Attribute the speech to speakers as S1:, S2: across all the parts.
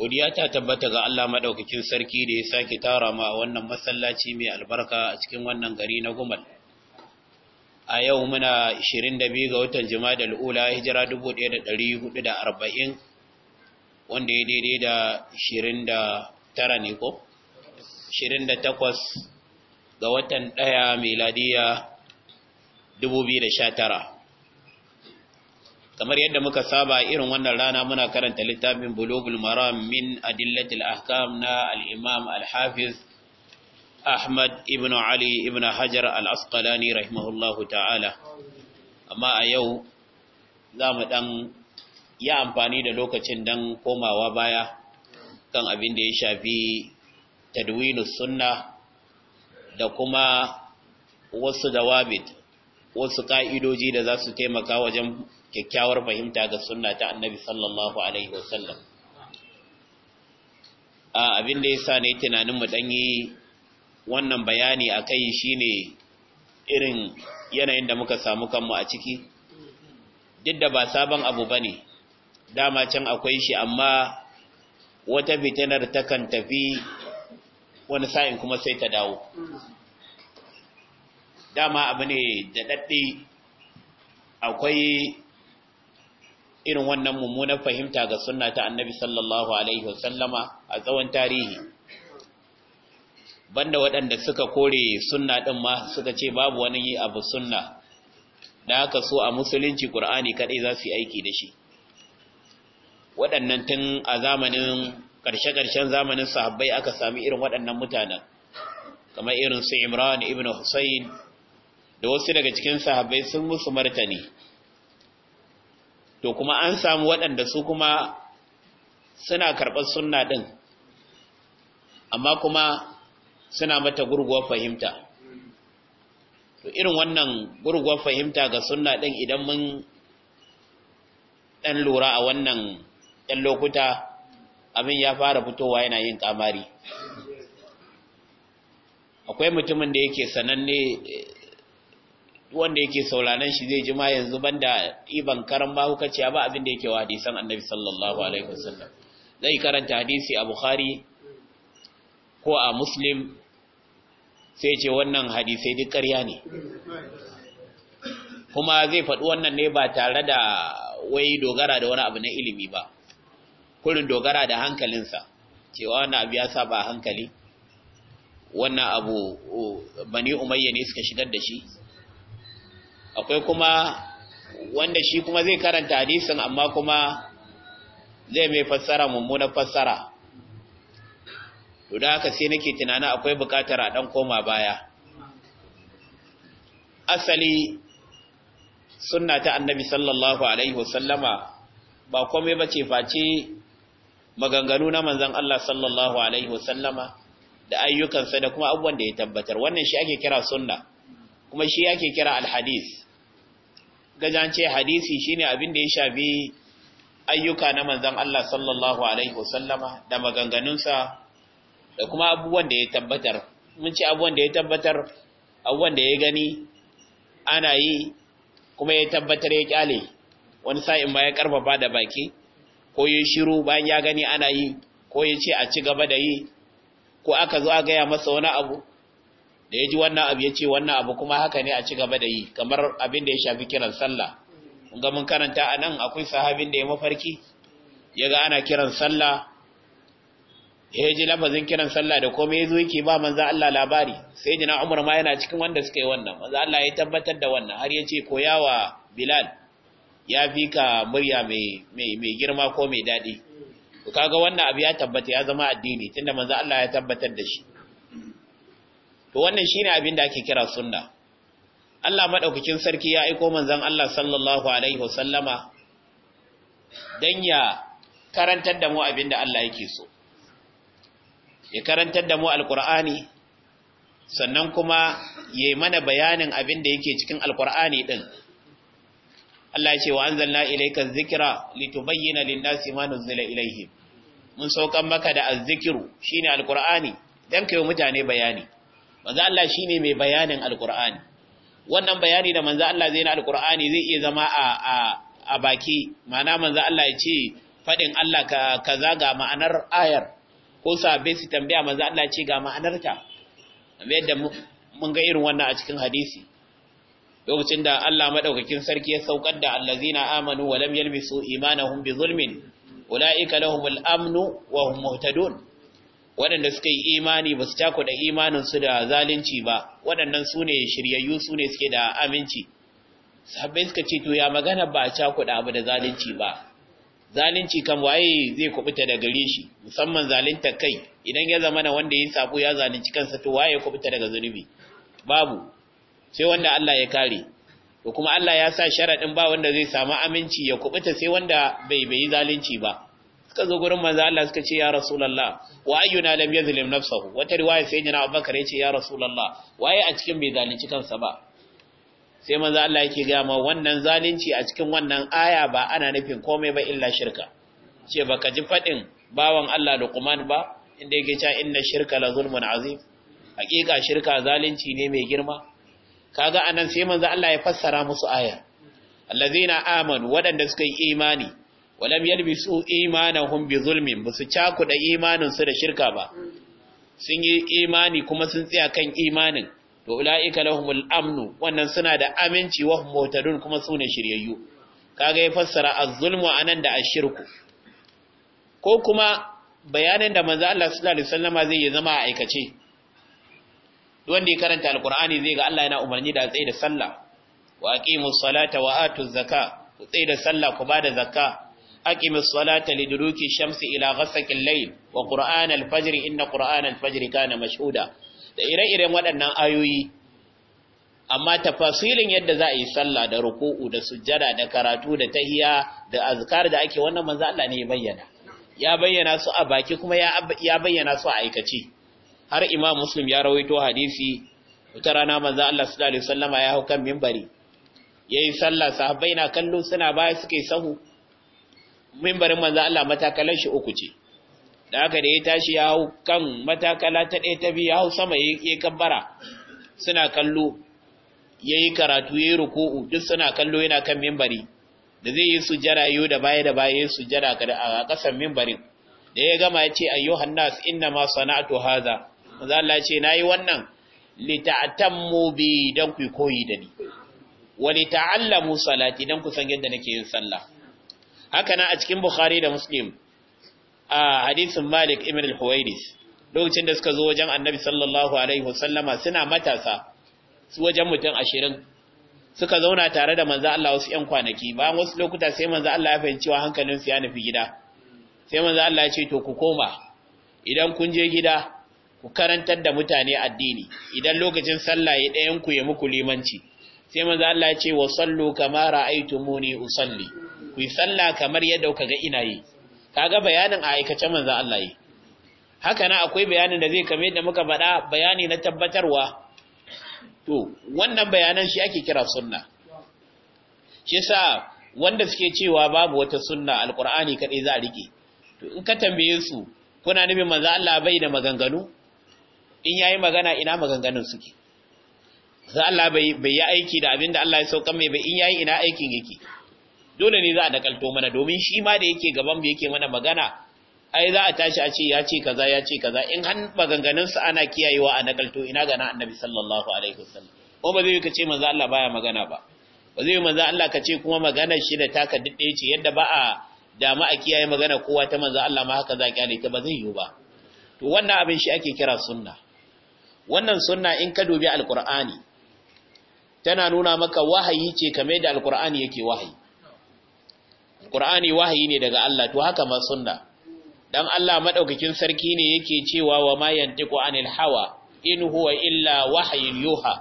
S1: godiya ta tabbata ga Allah madaukakin sarki da ya sake tara mu a wannan masallaci mai albarka a cikin wannan gari na Gumal a yau muna 22 ga watan Jumadal Ula hijira 1440 wanda ya daidai da 29 ne ko 28 ga watan 1 miladiya 2019 kamar yadda muka saba irin wannan rana muna karanta littafin bulugul maram min adillatil ahkam na al-imam al-hafiz ahmad ibn ali ibn hajar al-asqalani rahimahullahu ta'ala amma a yau za mu dan yi amfani da lokacin dan komawa baya kan abin da ya shafi tadwinus sunna da kuma wasu dawabit wasu ka'idoji da za su taimaka wajen kyakkyawar fahimta ga sunna ta annabi sallallahu alaihi wasallam a abin da yasa ne tunanin mu dan yi wannan bayani akai shine irin yanayin da muka samu kanmu a ciki duk da ba sabon abu bane dama can akwai shi amma wata fitinar kan tafi wani sa'in kuma sai ta dawo dama abu ne da dadde akwai irin wannan mummunar fahimta ga sunna ta annabi sallallahu alaihi wasallama a tsawon tarihi banda waɗanda suka kore sunna ɗin ma suka ce babu wani yi abu sunna da haka so a musulunci ƙur'ani kaɗai za su yi aiki da shi waɗannan tun a zamanin ƙarshe-ƙarshen zamanin sahabbai aka sami irin waɗannan mutanen kamar irin su imran ibn Husayn da wasu daga cikin sahabbai sun musu martani to kuma an samu waɗanda su kuma suna karɓar sunna ɗin amma kuma suna mata gurguwar fahimta to irin wannan gurguwar fahimta ga sunna ɗin idan mun ɗan lura a wannan ɗan lokuta abin ya fara fitowa yana yin kamari akwai mutumin da yake sananne wanda yake sauranan shi zai ji ma yanzu banda iban karan mahukaciya ba abin da yake wa hadisan annabi sallallahu alaihi wasallam zai karanta hadisi a bukhari ko a muslim sai ce wannan hadisai duk ƙarya ne kuma zai faɗi wannan ne ba tare da wai dogara da wani abu na ilimi ba kurin dogara da hankalinsa cewa wani abu ya sa hankali wannan abu bani umayya ne suka shigar da shi akwai kuma wanda shi kuma zai karanta hadisin amma kuma zai mai fassara mummunan fassara to da haka sai nake tunanin akwai bukatar a dan koma baya asali sunna ta annabi sallallahu alaihi wasallama ba komai bace face maganganu na manzon Allah sallallahu alaihi wasallama da ayyukansa da kuma abubuwan da ya tabbatar wannan shi ake kira sunna kuma shi yake kira alhadis gajance hadisi shine abin da ya shafi ayyuka na manzon Allah sallallahu alaihi wasallama da maganganunsa da kuma abubuwan da ya tabbatar mun ce abubuwan da ya tabbatar abubuwan da ya gani ana yi kuma ya tabbatar ya kyale wani sa'in ma ya karfafa da baki ko ya shiru bayan ya gani ana yi ko ya ce a ci gaba da yi ko aka zo a gaya masa wani abu da ya ji wannan abu ya ce wannan abu kuma haka ne a ci gaba da yi kamar abin da ya shafi kiran sallah ga mun karanta a nan akwai sahabin da ya mafarki ya ga ana kiran sallah ya ji lafazin kiran sallah da komai ya zo yake ba manzan Allah labari sai jina umar ma yana cikin wanda suka yi wannan manzan Allah ya tabbatar da wannan har ya ce koyawa bilal ya fi ka murya mai girma ko mai daɗi kaga wannan abu ya tabbata ya zama addini tunda manzan Allah ya tabbatar da shi to wannan shine abin da ake kira sunna Allah madaukakin sarki ya aika manzon Allah sallallahu alaihi wasallama dan ya karantar da mu abin da Allah yake so ya karantar da mu alqur'ani sannan kuma yayi mana bayanin abin da yake cikin alqur'ani din Allah ya ce wa anzalna ilayka dhikra litubayyana lin-nasi ma nuzila ilayhim mun saukan maka da azzikiru shine alqur'ani dan kai mutane bayani manzo Allah shi ne mai bayanin alqur'ani wannan bayani da manzo Allah zai yi na alqur'ani zai iya zama a a a baki ma'ana manzo Allah ya ce fadin Allah ka kaza ga ma'anar ayar ko sabe su tambaya manzo Allah ya ce ga ma'anarta amma yadda mun ga irin wannan a cikin hadisi lokacin da Allah madaukakin sarki ya saukar da allazina amanu wa lam yalbisu imanahum bi zulmin ulaika lahumul amnu wa hum muhtadun waɗanda suka yi imani ba su cakuɗa imaninsu da zalunci ba waɗannan su ne shiryayyu su ne suke da aminci sahabbai suka ce to ya magana ba a cakuɗa abu da zalunci ba zalunci kan waye zai kubuta da gare shi musamman zalunta kai idan ya zama na wanda ya sabo ya zalunci kansa to waye kubuta daga zunubi babu sai wanda Allah ya kare to kuma Allah ya sa sharadin ba wanda zai samu aminci ya kubuta sai wanda bai bai zalunci ba suka zo gurin manzo Allah suka ce ya rasulullah wa ayyuna lam yadhlim nafsahu wata riwaya sai jina Abubakar ya ce ya rasulullah waye a cikin bai zalunci kansa ba sai manzo Allah yake ga ma wannan zalunci a cikin wannan aya ba ana nufin komai ba illa shirka ce baka ji fadin bawan Allah Luqman ba inda yake cewa inna shirka la zulmun azim hakika shirka zalunci ne mai girma kaga anan sai manzo Allah ya fassara musu aya allazina amanu wadanda suka yi imani walam yalbisu imanahum bi zulmin busu cakuda imanin su da shirka ba sun yi imani kuma sun tsaya kan imanin to ulaika lahumul amnu wannan suna da aminci wa mutadun kuma ne shiryayyu kaga ya fassara az-zulmu anan da ash-shirku ko kuma bayanin da manzo Allah sallallahu alaihi wasallama zai yi zama a aikace wanda ya karanta alkur'ani zai ga Allah yana umarni da tsaye da sallah wa aqimus salata wa atuz zakah ku tsaye da sallah ku bada zakah aqimis salata liduluki shamsi ila ghasaqil layl wa qur'an al-fajr inna qur'an al kana mashhuda da ire-iren waɗannan ayoyi amma tafasilin yadda za a yi sallah da ruku'u da sujjada da karatu da tahiya da azkar da ake wannan manzo Allah ne ya bayyana ya bayyana su a baki kuma ya bayyana su a aikace har imam muslim ya rawaito hadisi wata rana manzo Allah sallallahu alaihi ya hau kan mimbari. yayi sallah sahabbai na kallo suna baya suke sahu mimbarin manzo Allah matakalan shi uku ce da aka da ya tashi ya hau kan matakala ta ɗaya ta biyu ya hau sama ya yi kabbara suna kallo ya yi karatu ya yi ruku'u duk suna kallo yana kan mimbari da zai yi jara yau da baya da baya su jara a ƙasan mimbarin da ya gama ya ce ayyuhan hannas inna ma sana'atu haza manzo Allah nayi wannan li mu bi dan ku koyi da ni wa li ta'allamu salati dan ku san yadda nake yin sallah haka na a cikin bukhari da muslim a hadisin malik ibn al-huwairis lokacin da suka zo wajen annabi sallallahu alaihi wasallama suna matasa su wajen mutum ashirin suka zauna tare da manzo Allah wasu yan kwanaki bayan wasu lokuta sai manzo Allah ya fahimci wa hankalin su ya nufi gida sai manzo Allah ya ce to ku koma idan kun je gida ku karantar da mutane addini idan lokacin sallah ya ɗayan ku ya muku limanci sai manzo Allah ya ce wa sallu kama ra'aytumuni usalli ku yi sallah kamar yadda kuka ga ina yi kaga bayanin a aikace manzo Allah yi haka na akwai bayanin da zai kame da muka faɗa bayani na tabbatarwa to wannan bayanan shi ake kira sunna shi yasa wanda suke cewa babu wata sunna alqur'ani kadai za a rike to in ka tambaye su kuna nufin manzo Allah bai da maganganu in yayi magana ina maganganun suke za Allah bai yi aiki da abin da Allah ya sauƙa mai bai in yayi ina aikin yake dole ne za a nakalto mana domin shi ma da yake gaban mu yake mana magana ai za a tashi a ce ya ce kaza ya ce kaza in han maganganun sa ana kiyayewa a nakalto ina ga annabi sallallahu alaihi wasallam ko ba zai ka ce manzo Allah baya magana ba ba zai manzo Allah ka ce kuma magana shi da taka dade ce yadda ba a dama a kiyaye magana kowa ta manzo Allah ma haka za a ta ba zai yiwu ba to wannan abin shi ake kira sunna wannan sunna in ka dubi alqur'ani tana nuna maka wahayi ce kamar da alqur'ani yake wahayi Qur'ani wahayi ne daga Allah to haka ma sunna dan Allah madaukakin sarki ne yake cewa wa ma yantiqu anil hawa in huwa illa wahyin yuha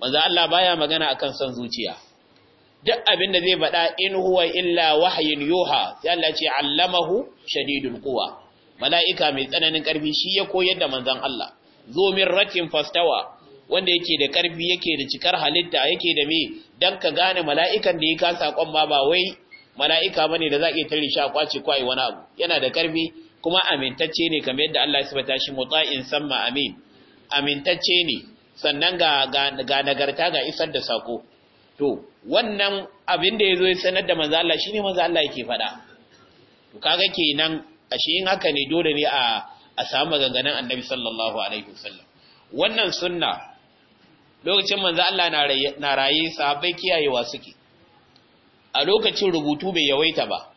S1: manzo Allah baya magana akan san zuciya duk abin da zai faɗa in huwa illa wahyin yuha sai Allah ce allamahu shadidul quwa mala'ika mai tsananin karfi shi ya koyar da manzon Allah zo min ratin fastawa wanda yake da karfi yake da cikar halitta yake da me dan ka gane mala'ikan da ya ka sakon ma ba wai mala'ika ne da za a iya tare shi a kwace kwai wani abu yana da karfi kuma amintacce ne kamar yadda Allah ya sabata shi muta'in samma amin amintacce ne sannan ga ga nagarta ga isar da sako to wannan abin da yazo ya sanar da manzo Allah shine manzo Allah yake faɗa to kaga kenan ashe in haka ne dole ne a a samu maganganun Annabi sallallahu alaihi wasallam wannan sunna lokacin manzo Allah na raye sahabbai kiyayewa suke a lokacin rubutu bai yawaita ba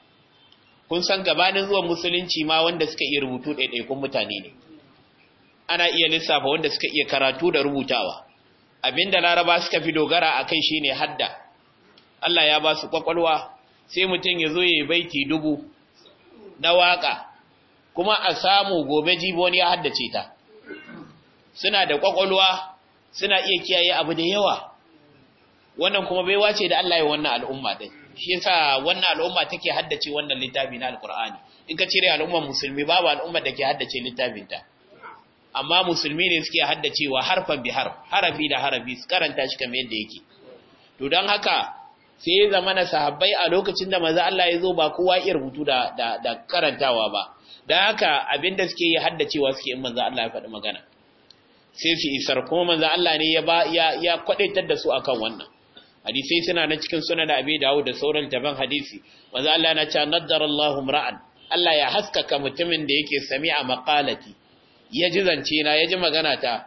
S1: kun san gabanin zuwan musulunci ma wanda suka iya rubutu ɗaiɗaikun mutane ne ana iya lissafa wanda suka iya karatu da rubutawa abinda laraba suka fi dogara a kai shine hadda Allah ya ba su kwakwalwa sai mutum ya zo ya baiti dubu na waƙa, kuma a samu gobe jibi wani ya haddace ta suna da kwakwalwa suna iya kiyaye abu da yawa wannan kuma baiwa ce da Allah ya wannan al'umma din shi yasa wannan al'umma take haddace wannan littafi na alkur'ani in ka cire al'ummar musulmi babu al'ummar da ke haddace littafin ta amma musulmi ne suke haddacewa harfan bi harf harafi da harafi su karanta shi kamar yadda yake to don haka sai zamana sahabbai a lokacin da maza Allah ya zo ba kowa iya rubutu da da karantawa ba dan haka abinda suke yi haddacewa suke in maza Allah ya faɗi magana sai su isar kuma maza Allah ne ya ba ya ya kwadaitar da su akan wannan hadisai suna nan cikin sunan abi dawud da sauran taban hadisi manzo Allah na ce naddarallahu ra'an Allah ya haskaka mutumin da yake sami'a maqalati ya ji zance na ya ji magana ta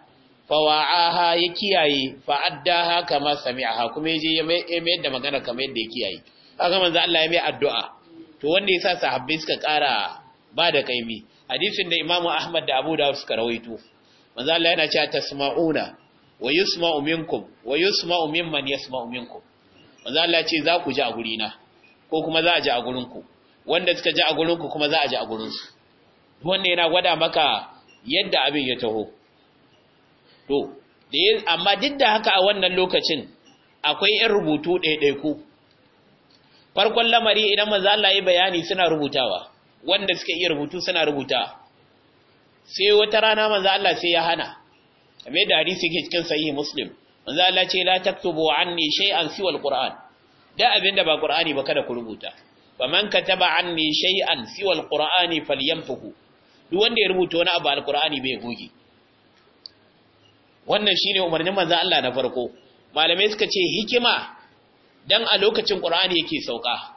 S1: wa'aha ya kiyaye fa'addaha kama sami'aha kuma yaje ya mai da magana kamar yadda ya kiyaye haka manzo Allah ya mai addu'a to wanda yasa sahabbai suka kara ba da kaimi hadisin da Imam Ahmad da Abu Dawud suka rawaito manzo Allah yana cewa wa yusma'u minkum wa yusma'u mimman yasma'u minkum manzo Allah ce za ku ji a gurina ko kuma za a ji a gurinku wanda suka ji a gurinku kuma za a ji a gurinsu wannan yana gwada maka yadda abin ya taho to amma duk da haka a wannan lokacin akwai ɗan rubutu ku? farkon lamari idan manzo Allah ya bayani suna rubutawa wanda suka iya rubutu suna rubuta sai wata rana manzo Allah sai ya hana kamar da hadisi yake cikin sahihi muslim manzo Allah ce la taktubu anni shay'an siwa alquran da abinda ba qur'ani ba kada ku rubuta man kataba anni shay'an siwa alqurani falyamtuhu duk wanda ya rubuta wani abu alqurani bai goge wannan shine umarnin manzo Allah na farko malamai suka ce hikima dan a lokacin qur'ani yake sauka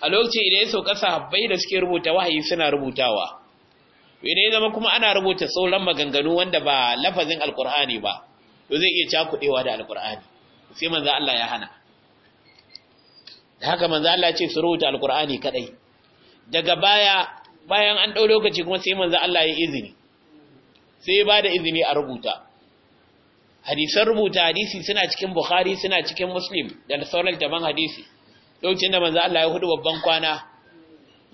S1: a lokacin idan ya sauka sahabbai da suke rubuta wahayi suna rubutawa to idan ya zama kuma ana rubuta sauran maganganu wanda ba lafazin alkur'ani ba to zai iya cakudewa da alkur'ani sai manzo Allah ya hana da haka manzo Allah ya ce su rubuta alkur'ani kadai daga baya bayan an dau lokaci kuma sai manzo Allah ya izini sai ba da izini a rubuta hadisan rubuta hadisi suna cikin bukhari suna cikin muslim da sauran daban hadisi lokacin da manzo Allah ya hudu babban kwana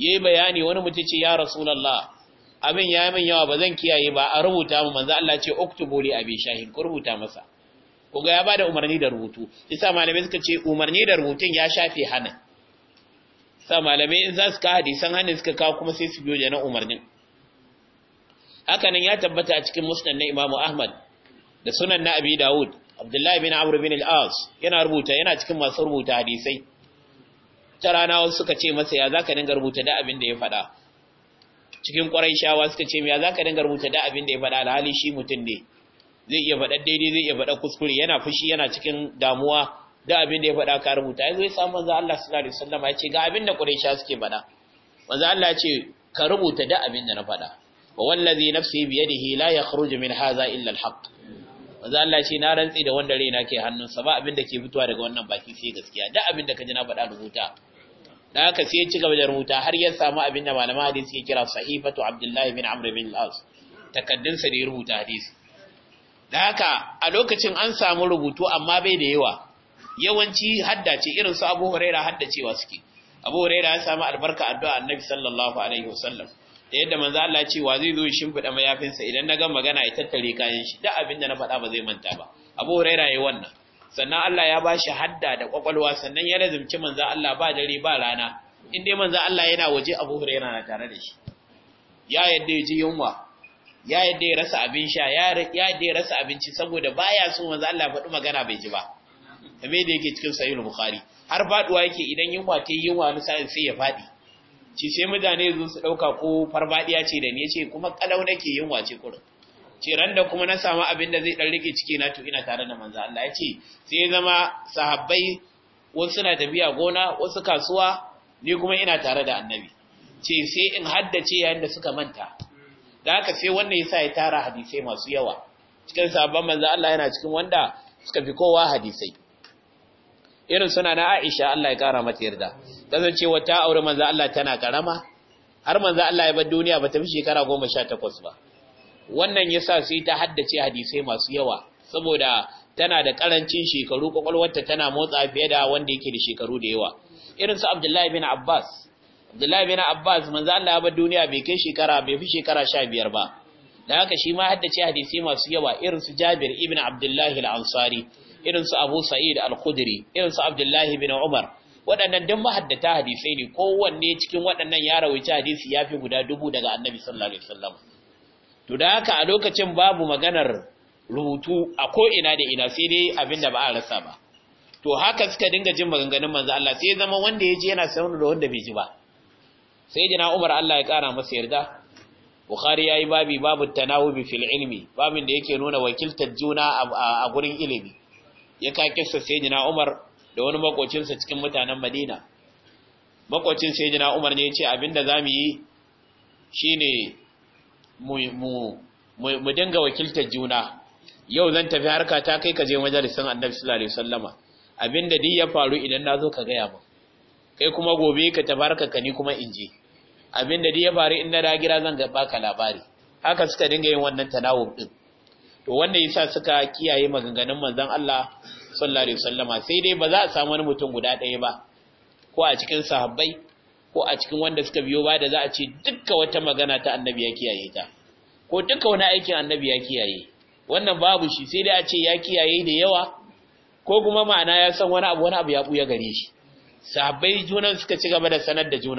S1: yayi bayani wani mutum ce ya rasulullah abin ya yi min yawa ba zan kiyaye ba a rubuta mu manzo Allah ce uktubu li abi shahin ku rubuta masa ga ya bada umarni da rubutu isa malamai suka ce umarni da rubutun ya shafe hana sa malamai in za su ka hadisan hanin suka kawo kuma sai su biyo da na umarnin haka nan ya tabbata a cikin musnad na Imam Ahmad da sunan na Abi Dawud Abdullahi bin Amr bin al-As yana rubuta yana cikin masu rubuta hadisai ta rana wasu suka ce masa ya zaka dinga rubuta da abin da ya faɗa cikin ƙwarai shawa suka ce za ka dinga rubuta da abin da ya faɗa alhali shi mutum ne zai iya faɗa daidai zai iya faɗa kuskure yana fushi yana cikin damuwa da abin da ya faɗa ka rubuta ya zai samu manzo Allah sallallahu alaihi wasallam ya ce ga abin da ƙwarai shawa suke faɗa manzo Allah ya ce ka rubuta da abin da na faɗa wa wallazi nafsi bi yadihi la yakhruju min hadha illa alhaq haq manzo Allah ce na rantsi da wanda raina ke hannunsa ba abin da ke fitowa daga wannan baki sai gaskiya da abin da ka ji na faɗa rubuta da aka sai ci gaba da rubuta har ya samu abin da malama hadisi ke kira sahifatu abdullahi bin amr bin al-as takaddunsa da ya rubuta hadisi da haka a lokacin an samu rubutu amma bai da yawa yawanci haddace irin su abu huraira cewa suke abu huraira ya samu albarka addu'a annabi sallallahu alaihi wasallam da yadda manzo Allah ce wa zai zo shi shimfida mayafinsa idan na ga magana ya tattare kayan shi da abin da na faɗa ba zai manta ba abu huraira yayi wannan sannan Allah ya ba shi hadda da kwakwalwa sannan ya lazimci manzan Allah ba dare ba rana in dai manzan Allah yana waje Abu yana na tare da shi ya yadda ya ji yunwa ya yadda ya rasa abin sha ya yadda ya rasa abinci saboda ba ya so manzan Allah faɗi magana bai ji ba kame da yake cikin sahihul bukhari har faduwa yake idan yunwa ta yi yunwa na sa'in sai ya faɗi ci sai mutane zo su ɗauka ko farfadiya ce da ni yace kuma kalau nake yunwa ce kurin ce ran da kuma na samu abin da zai dan rike ciki na to ina tare da manzo Allah ya sai zama sahabbai wasu suna tafiya gona wasu kasuwa ni kuma ina tare da annabi ce sai in haddace yayin da suka manta da haka sai wannan yasa ya tara hadisai masu yawa cikin sahabban manzo Allah yana cikin wanda suka fi kowa hadisai irin suna na Aisha Allah ya kara mata yarda cewa ta aure manzo Allah tana karama har manzo Allah ya bar duniya ba ta fi shekara 18 ba wannan ya sa sai ta haddace hadisai masu yawa saboda tana da ƙarancin shekaru kwakwalwarta tana motsa fiye da wanda yake da shekaru da yawa irin su Abdullahi bin Abbas Abdullahi bin Abbas manzo Allah ya bar duniya bai kai shekara bai fi shekara biyar ba da haka shi ma haddace hadisai masu yawa irin su Jabir ibn abdullahi al-Ansari irin su Abu Sa'id al-Khudri irin su abdullahi bin Umar waɗannan duk mahaddata hadisai ne kowanne cikin waɗannan ya rawaita hadisi ya fi guda dubu daga Annabi sallallahu alaihi wasallam to da haka a lokacin babu maganar rubutu a ko ina da ina sai dai abinda ba a rasa ba to haka suka dinga jin maganganun manzo Allah sai zama wanda ya ji yana sanar da wanda bai ji ba sai jina Umar Allah ya kara masa yarda Bukhari yayi babi babu tanawubi fil ilmi babin da yake nuna wakiltar juna a gurin ilimi ya ka kissa sai jina Umar da wani makocinsa cikin mutanen Madina makocin sai jina Umar ne ya ce abinda zamu yi shine mu dinga wakiltar juna yau zan tafi harka ta kai ka je majalisar annabi sallallahu alaihi wasallama abinda dai ya faru idan na zo ka gaya mu kai kuma gobe ka tafi harka ka ni kuma in je abinda dai ya faru in na dagira zan ga baka labari haka suka dinga yin wannan tanawub din to wanda yasa suka kiyaye maganganun manzon Allah sallallahu alaihi wasallama sai dai ba za a samu mutum guda ɗaya ba ko a cikin sahabbai ko a cikin wanda suka biyo ba da za a ce duka wata magana ta annabi ya kiyaye ta ko dukka wani aikin annabi ya kiyaye wannan babu shi sai dai a ce ya kiyaye da yawa ko kuma ma'ana ya san wani abu wani abu ya buya gare shi sahabbai junan suka ci gaba da sanar da su.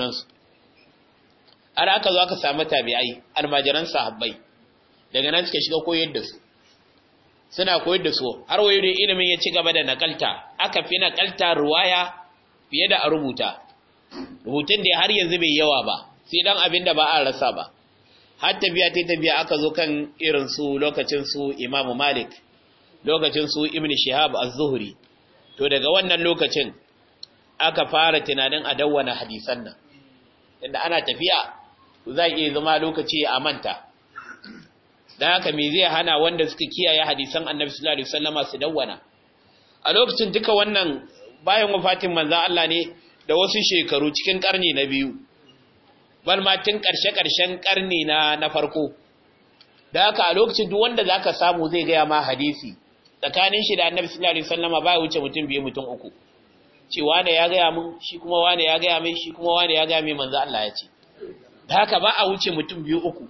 S1: har aka zo aka samu tabi'ai almajiran sahabbai daga nan suka shiga koyar da su suna koyar da su har wayo da ilimin ya ci gaba da nakalta aka fi nakalta ruwaya fiye da a rubuta rubutun da har yanzu bai yawa ba sai dan abin da ba a rasa ba har tafiya ta tafiya aka zo kan irin su lokacin su Imam Malik lokacin su Ibn Shihab az-Zuhri to daga wannan lokacin aka fara tunanin a dawwana hadisan nan inda ana tafiya za iya zama lokaci a manta dan haka me zai hana wanda suka kiyaye hadisan Annabi sallallahu alaihi wasallama su dawwana a lokacin duka wannan bayan wafatin manzon Allah ne da wasu shekaru cikin karni na biyu bal matin tun karshe-karshen karni na na farko da aka a lokacin duk wanda za ka samu zai gaya ma hadisi tsakanin shi da annabi sallallahu alaihi wasallama ba wuce mutum biyu mutum uku ce wane ya gaya mun shi kuma wane ya gaya min shi kuma wane ya gaya min manzo Allah ya ce da haka ba a wuce mutum biyu uku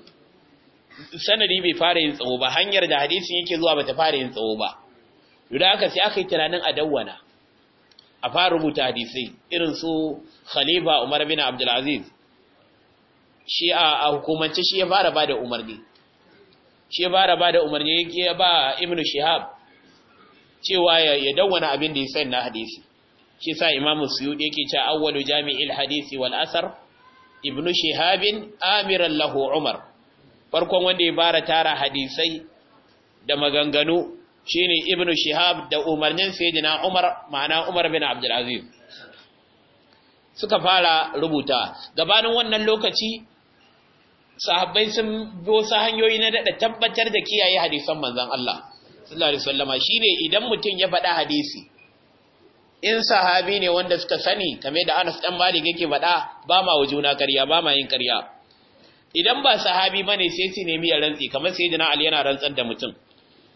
S1: sanadi bai fara yin tsawo ba hanyar da hadisin yake zuwa bata fara yin tsawo ba da haka sai aka yi tunanin a dawwana a fara rubuta hadisai irin su khalifa Umar bin Abdulaziz, Aziz shi a hukumance shi ya fara bada umarni shi ya fara bada umarni yake ba Ibnu Shihab cewa ya dawwana abin da ya sani na hadisi shi sa Imam Suyuti yake cewa awwalu jami'il hadisi wal asar Ibn Shihab amiran lahu Umar farkon wanda ya fara tara hadisai da maganganu shine ibnu shihab da umarnin sayyidina umar ma'ana umar bin abdul aziz suka fara rubuta gabanin wannan lokaci sahabbai sun bi sa hanyoyi na daɗa tabbatar da kiyaye hadisan manzon Allah sallallahu alaihi wasallama shine idan mutum ya faɗa hadisi in sahabi ne wanda suka sani kamar da Anas dan Malik yake faɗa ba ma wujuna juna ƙarya ba ma yin ƙarya idan ba sahabi bane sai su nemi ya rantsi kamar sayyidina Ali yana rantsar da mutum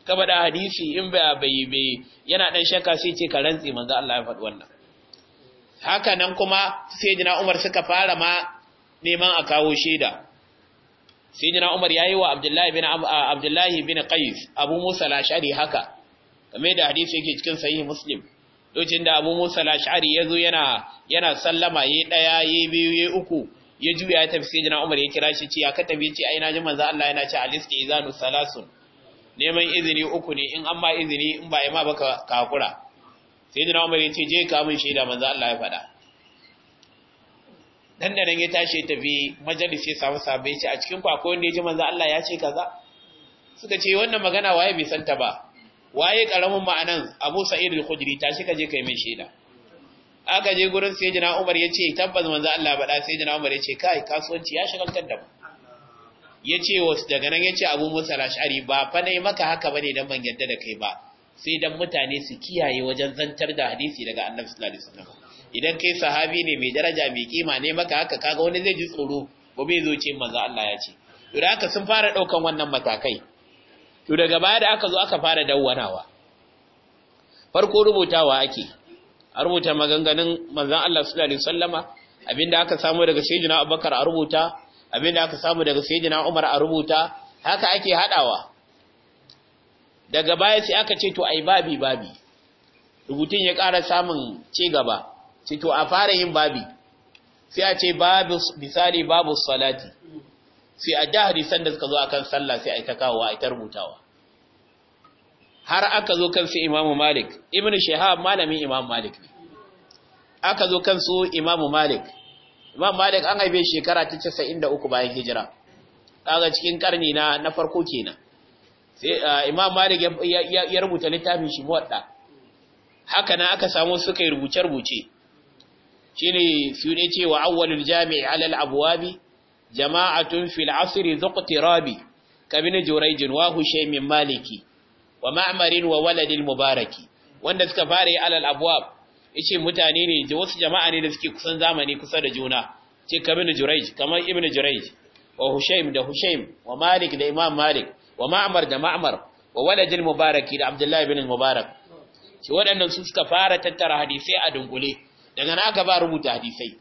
S1: ka faɗa hadisi in ba bai bai yana dan shakka sai ce ka rantsi manzo Allah ya faɗi wannan haka nan kuma sayyidina Umar suka fara ma neman a kawo shaida sayyidina Umar yi wa Abdullahi bin Abdullahi bin Qais Abu Musa al-Ash'ari haka kamar da hadisi yake cikin sahihi Muslim lokacin da Abu Musa al-Ash'ari yazo yana yana sallama yi daya yi biyu yi uku ya juya ya tafi sayyidina Umar ya kira shi ce ya ka ce ai na ji manzo Allah yana ce alisti izanu salasun neman izini uku ne in an ba izini in ba ima ba ka kura. sai da umar ya ce je ka min shaida manzo Allah ya faɗa dan da nan ya tashi tafi majalisi samu sabe ce a cikin kwako akwai wanda ya ji manzo Allah ya ce kaza suka ce wannan magana waye bai santa ba waye karamin ma'anan Abu Sa'id al-Khudri tashi ka je kai min shaida aka je gurin sayyidina Umar ya ce tabbas manzo Allah ya faɗa sayyidina Umar ya ce kai kasuwanci ya shagaltar da mu ya ce wasu daga nan ya ce abu musa rashari ba fa yi maka haka bane dan ban yadda da kai ba sai dan mutane su kiyaye wajen zantar da hadisi daga annabi sallallahu alaihi wasallam idan kai sahabi ne mai daraja mai kima ne maka haka kaga wani zai ji tsoro gobe zo ce manzo Allah ya ce to da haka sun fara daukan wannan matakai to daga baya da aka zo aka fara dawwanawa farko rubutawa ake a rubuta maganganun manzon Allah sallallahu alaihi wasallama abinda aka samu daga sayyidina Abubakar a rubuta abinda aka samu daga sayyidina Umar a rubuta haka ake hadawa daga baya sai aka ce to ai babi babi rubutun ya ƙara samun ci gaba sai to a fara yin babi sai a ce babu misali babu salati sai a jihar hadisan da suka zo akan sallah sai a ta kawo a ta rubutawa har aka zo kan su Imam Malik ibnu Shihab malamin Imam Malik ne aka zo kan su Imam Malik Imam Malik an haife shekara ta 93 bayan hijira. Kaga cikin karni na na farko kenan. Sai Imam Malik ya rubuta littafin shi muwadda. Haka nan aka samu suka yi rubuce-rubuce. Shine su ne cewa awwalul jami'i alal abwabi jama'atun fil asri zuqtirabi kabin juraijin wa hushaymin maliki wa ma'marin wa waladil mubaraki wanda suka fara yi alal abwab yace mutane ne wasu jama'a ne da suke kusan zamani kusa da juna ce kabin jurayj kamar ibnu jurayj wa hushaym da hushaym wa malik da imam malik wa ma'mar da ma'mar wa waladil Mubarak da abdullah ibn mubarak ce waɗannan su suka fara tattara hadisai a dunkule daga na aka ba rubuta hadisai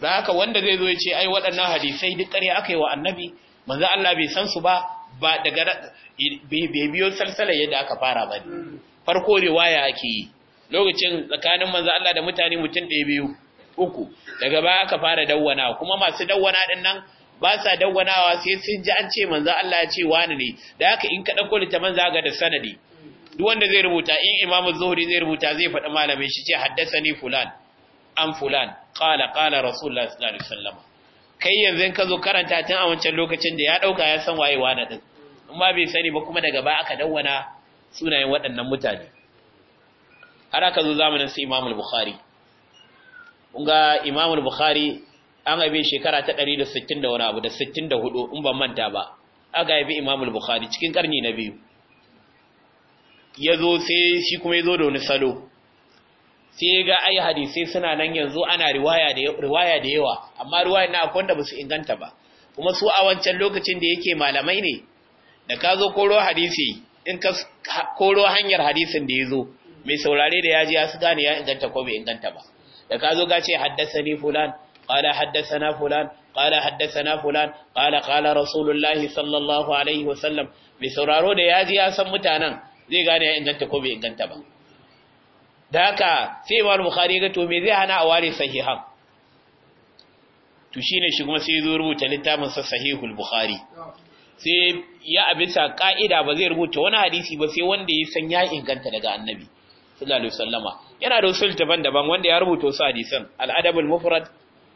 S1: za ka wanda zai zo ya ce ai waɗannan hadisai duk ƙarya aka yi wa annabi manzo Allah bai san su ba ba daga bai biyo salsalar yadda aka fara ba farko riwaya ake yi lokacin tsakanin manzo Allah da mutane mutum ɗaya biyu uku daga baya aka fara dawwana kuma masu dawwana din nan ba sa dawwanawa sai sun ji an ce manzo Allah ya ce wani ne da haka in ka dauko littafin za ga da sanadi duk wanda zai rubuta in Imam Zuhri zai rubuta zai faɗi malamin shi ce haddathani fulan an fulan qala qala Rasulullah sallallahu alaihi wasallam kai yanzu ka zo karanta tun a wancan lokacin da ya dauka ya san waye wani din amma bai sani ba kuma daga baya aka dawwana sunayen waɗannan mutane har ka zo zamanin su Imam al-Bukhari kunga Imam al-Bukhari an haife shekara ta 160 da wani abu da 64 in ban manta ba aka yabi Imam al-Bukhari cikin karni na biyu yazo sai shi kuma yazo da wani salo sai ga ai hadisi suna nan yanzu ana riwaya da yawa amma riwaya na akwai wanda basu inganta ba kuma su a wancan lokacin da yake malamai ne da ka zo koro hadisi in ka koro hanyar hadisin da yazo mai saurare da ya ji ya su gane ya inganta ko bai inganta ba da ka zo ka ce haddasani fulan haddasa na fulan haddasa na fulan qala qala rasulullahi sallallahu alaihi wasallam mai sauraro da ya ji ya san mutanen zai gane ya inganta ko bai inganta ba da haka sai Imam Bukhari ga to zai hana a ware sahihan to shine shi kuma sai zo rubuta littafin sa Sahihul Bukhari sai ya abisa ka'ida ba zai rubuta wani hadisi ba sai wanda ya san ya inganta daga annabi sallallahu alaihi wasallama yana da usul daban-daban wanda ya rubuta su hadisan al-adabul mufrad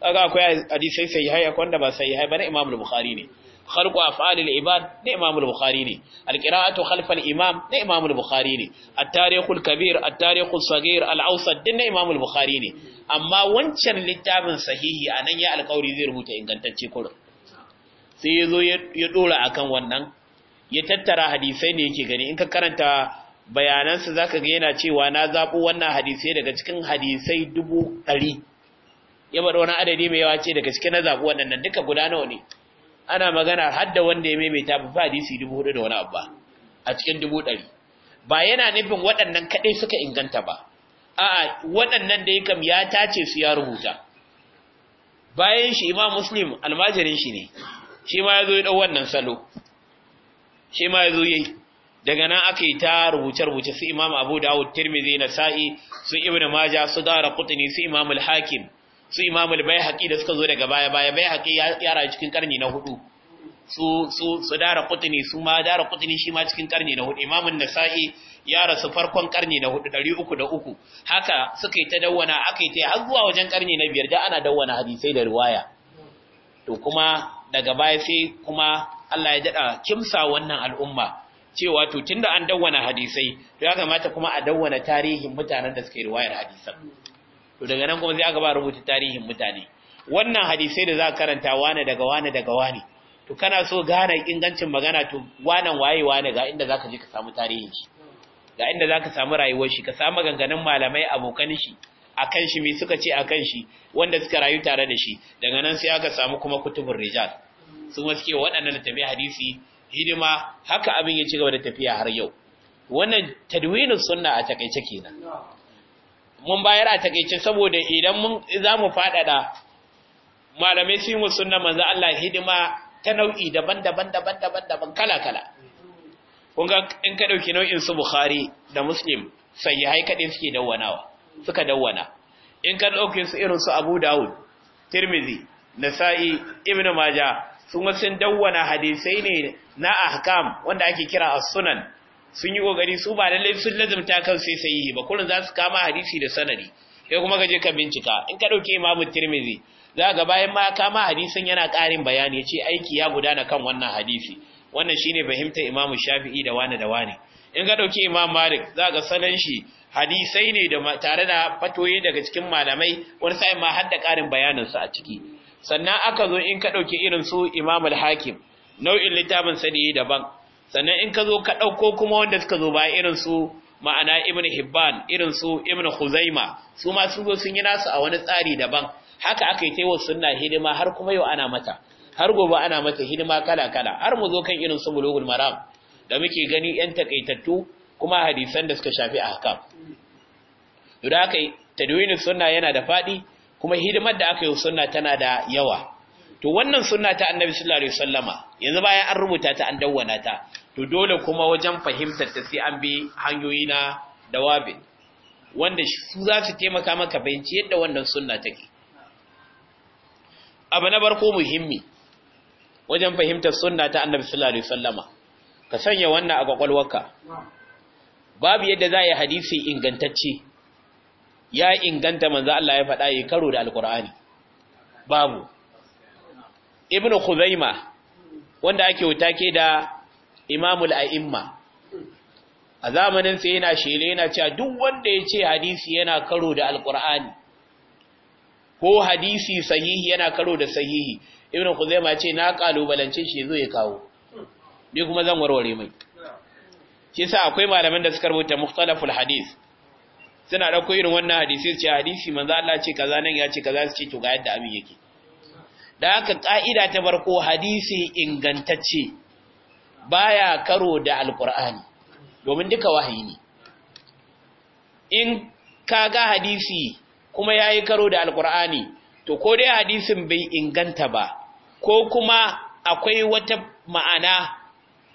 S1: kaga akwai hadisai sahihai akwai wanda ba sahihai ba na Imam al-Bukhari ne khalqu af'alil ibad na Imam al-Bukhari ne al-qira'atu khalf al-imam na Imam al-Bukhari ne at-tarikh al-kabir at-tarikh al-saghir al-awsat din na Imam al-Bukhari ne amma wancan littafin sahihi anan ya alƙawari zai rubuta ingantacce kurin sai yazo ya dora akan wannan ya tattara hadisai ne yake gani in ka karanta bayanansa za ka gina yana cewa na zaɓo wannan hadisai daga cikin hadisai dubu ɗari ya bada wani adadi mai yawa ce daga cikin na zaɓo waɗannan duka guda nawa ne ana magana har da wanda ya maimaita ba fa hadisi dubu hudu da wani abba a cikin dubu ɗari ba yana nufin waɗannan kaɗai suka inganta ba a'a waɗannan da kam ya tace su ya rubuta bayan shi imam muslim almajirin shi ne shi ma ya zo ya ɗau wannan salo shi ma ya zo ya yi daga nan aka yi ta rubuce-rubuce su imam abu dawud tirmidhi na sa'i su ibn maja su dara kutini su imam al-hakim su imam al haƙi da suka zo daga baya baya haƙi ya rayu cikin karni na hudu su su su dara kutini su ma dara kutini shi ma cikin karni na hudu imam na sa’i ya rasu farkon karni na hudu uku da uku. haka suka yi ta dawwana aka yi ta har zuwa wajen karni na biyar da ana dawwana hadisai da riwaya to kuma daga baya sai kuma Allah ya daɗa kimsa wannan al'umma cewa to da an dawwana hadisai to ya kamata kuma a dawwana tarihin mutanen da suka yi riwayar hadisan to daga nan kuma sai aka ba rubuta tarihin mutane wannan hadisai da za ka karanta wane daga wane daga wane to kana so gane ingancin magana to wanan waye wane ga inda zaka je ka samu tarihin shi ga inda zaka samu rayuwar shi ka samu ganganin malamai abokan shi akan shi me suka ce akan shi wanda suka rayu tare da shi daga nan sai aka samu kuma kutubur rijal su ma suke waɗannan tabi hadisi hidima haka abin ya ci gaba da tafiya har yau wannan tadwinin sunna a takaice kenan mun bayar a takaice saboda idan mun za mu faɗaɗa malamai su yi mu sunna manzo Allah hidima ta nau'i daban-daban daban-daban daban kala-kala kun ga in ka dauki nau'in su Bukhari da Muslim sai ya din suke dawwanawa suka dawwana in ka dauke su irin su Abu Dawud Tirmidhi Nasa'i Ibn Majah sun sun dawwana hadisai ne na ahkam wanda ake kira as-sunan sun yi kokari su ba lalle sun lazumta kan sai yi ba kullun za su kama hadisi da sanadi kai kuma kaje ka bincika in ka dauke Imam Tirmidhi za ga bayan ma kama hadisin yana karin bayani yace aiki ya gudana kan wannan hadisi wannan shine fahimtar Imam Shafi'i da wani da wani in ka dauke Imam Malik za ga sanan shi hadisai ne da tare da fatoyi daga cikin malamai wani sai ma har da karin bayanin su a ciki sannan aka zo in ka ɗauki irin su al hakim nau'in littafin sani daban sannan in ka zo ka ɗauko kuma wanda suka zo ba irin su ma'ana ibn hibban irin su ibn huzaima su ma su zo sun yi nasu a wani tsari daban haka aka yi taiwa sunna hidima har kuma yau ana mata har gobe ana mata hidima kala kala har mu zo kan irin su bulugul maram da muke gani yan takaitattu kuma hadisan da suka shafi ahkam to da haka tadwinin sunna yana da faɗi. kuma hidimar da aka yi sunna tana da yawa to wannan sunna ta annabi sallallahu alaihi wasallama yanzu bayan an rubuta ta an dawwana ta to dole kuma wajen fahimtar ta sai an bi hanyoyi na dawabin wanda su za su taimaka maka bayanci yadda wannan sunna take abu na barko muhimmi wajen fahimtar sunna ta annabi sallallahu alaihi wasallama ka sanya wannan a kwakwalwarka babu yadda za a yi hadisi ingantacce ya inganta manzo Allah ya faɗa yi karo da alkur'ani babu ibnu khuzaima wanda ake wuta ke da imamul a'imma a zamanin sai yana shele yana cewa duk wanda ya ce hadisi yana karo da alkur'ani ko hadisi sahihi yana karo da sahihi ibnu khuzaima ce na kalubalance shi zai kawo ni kuma zan warware mai shi sa akwai malaman da suka rubuta mukhtalaful hadith suna dauko irin wannan hadisi ce hadisi manzo Allah ce kaza nan ya ce kaza su ce to ga yadda abin yake da haka ka'ida ta farko hadisi ingantacce baya karo da alqur'ani domin duka wahayi ne in kaga hadisi kuma yayi karo da alqur'ani to ko dai hadisin bai inganta ba ko kuma akwai wata ma'ana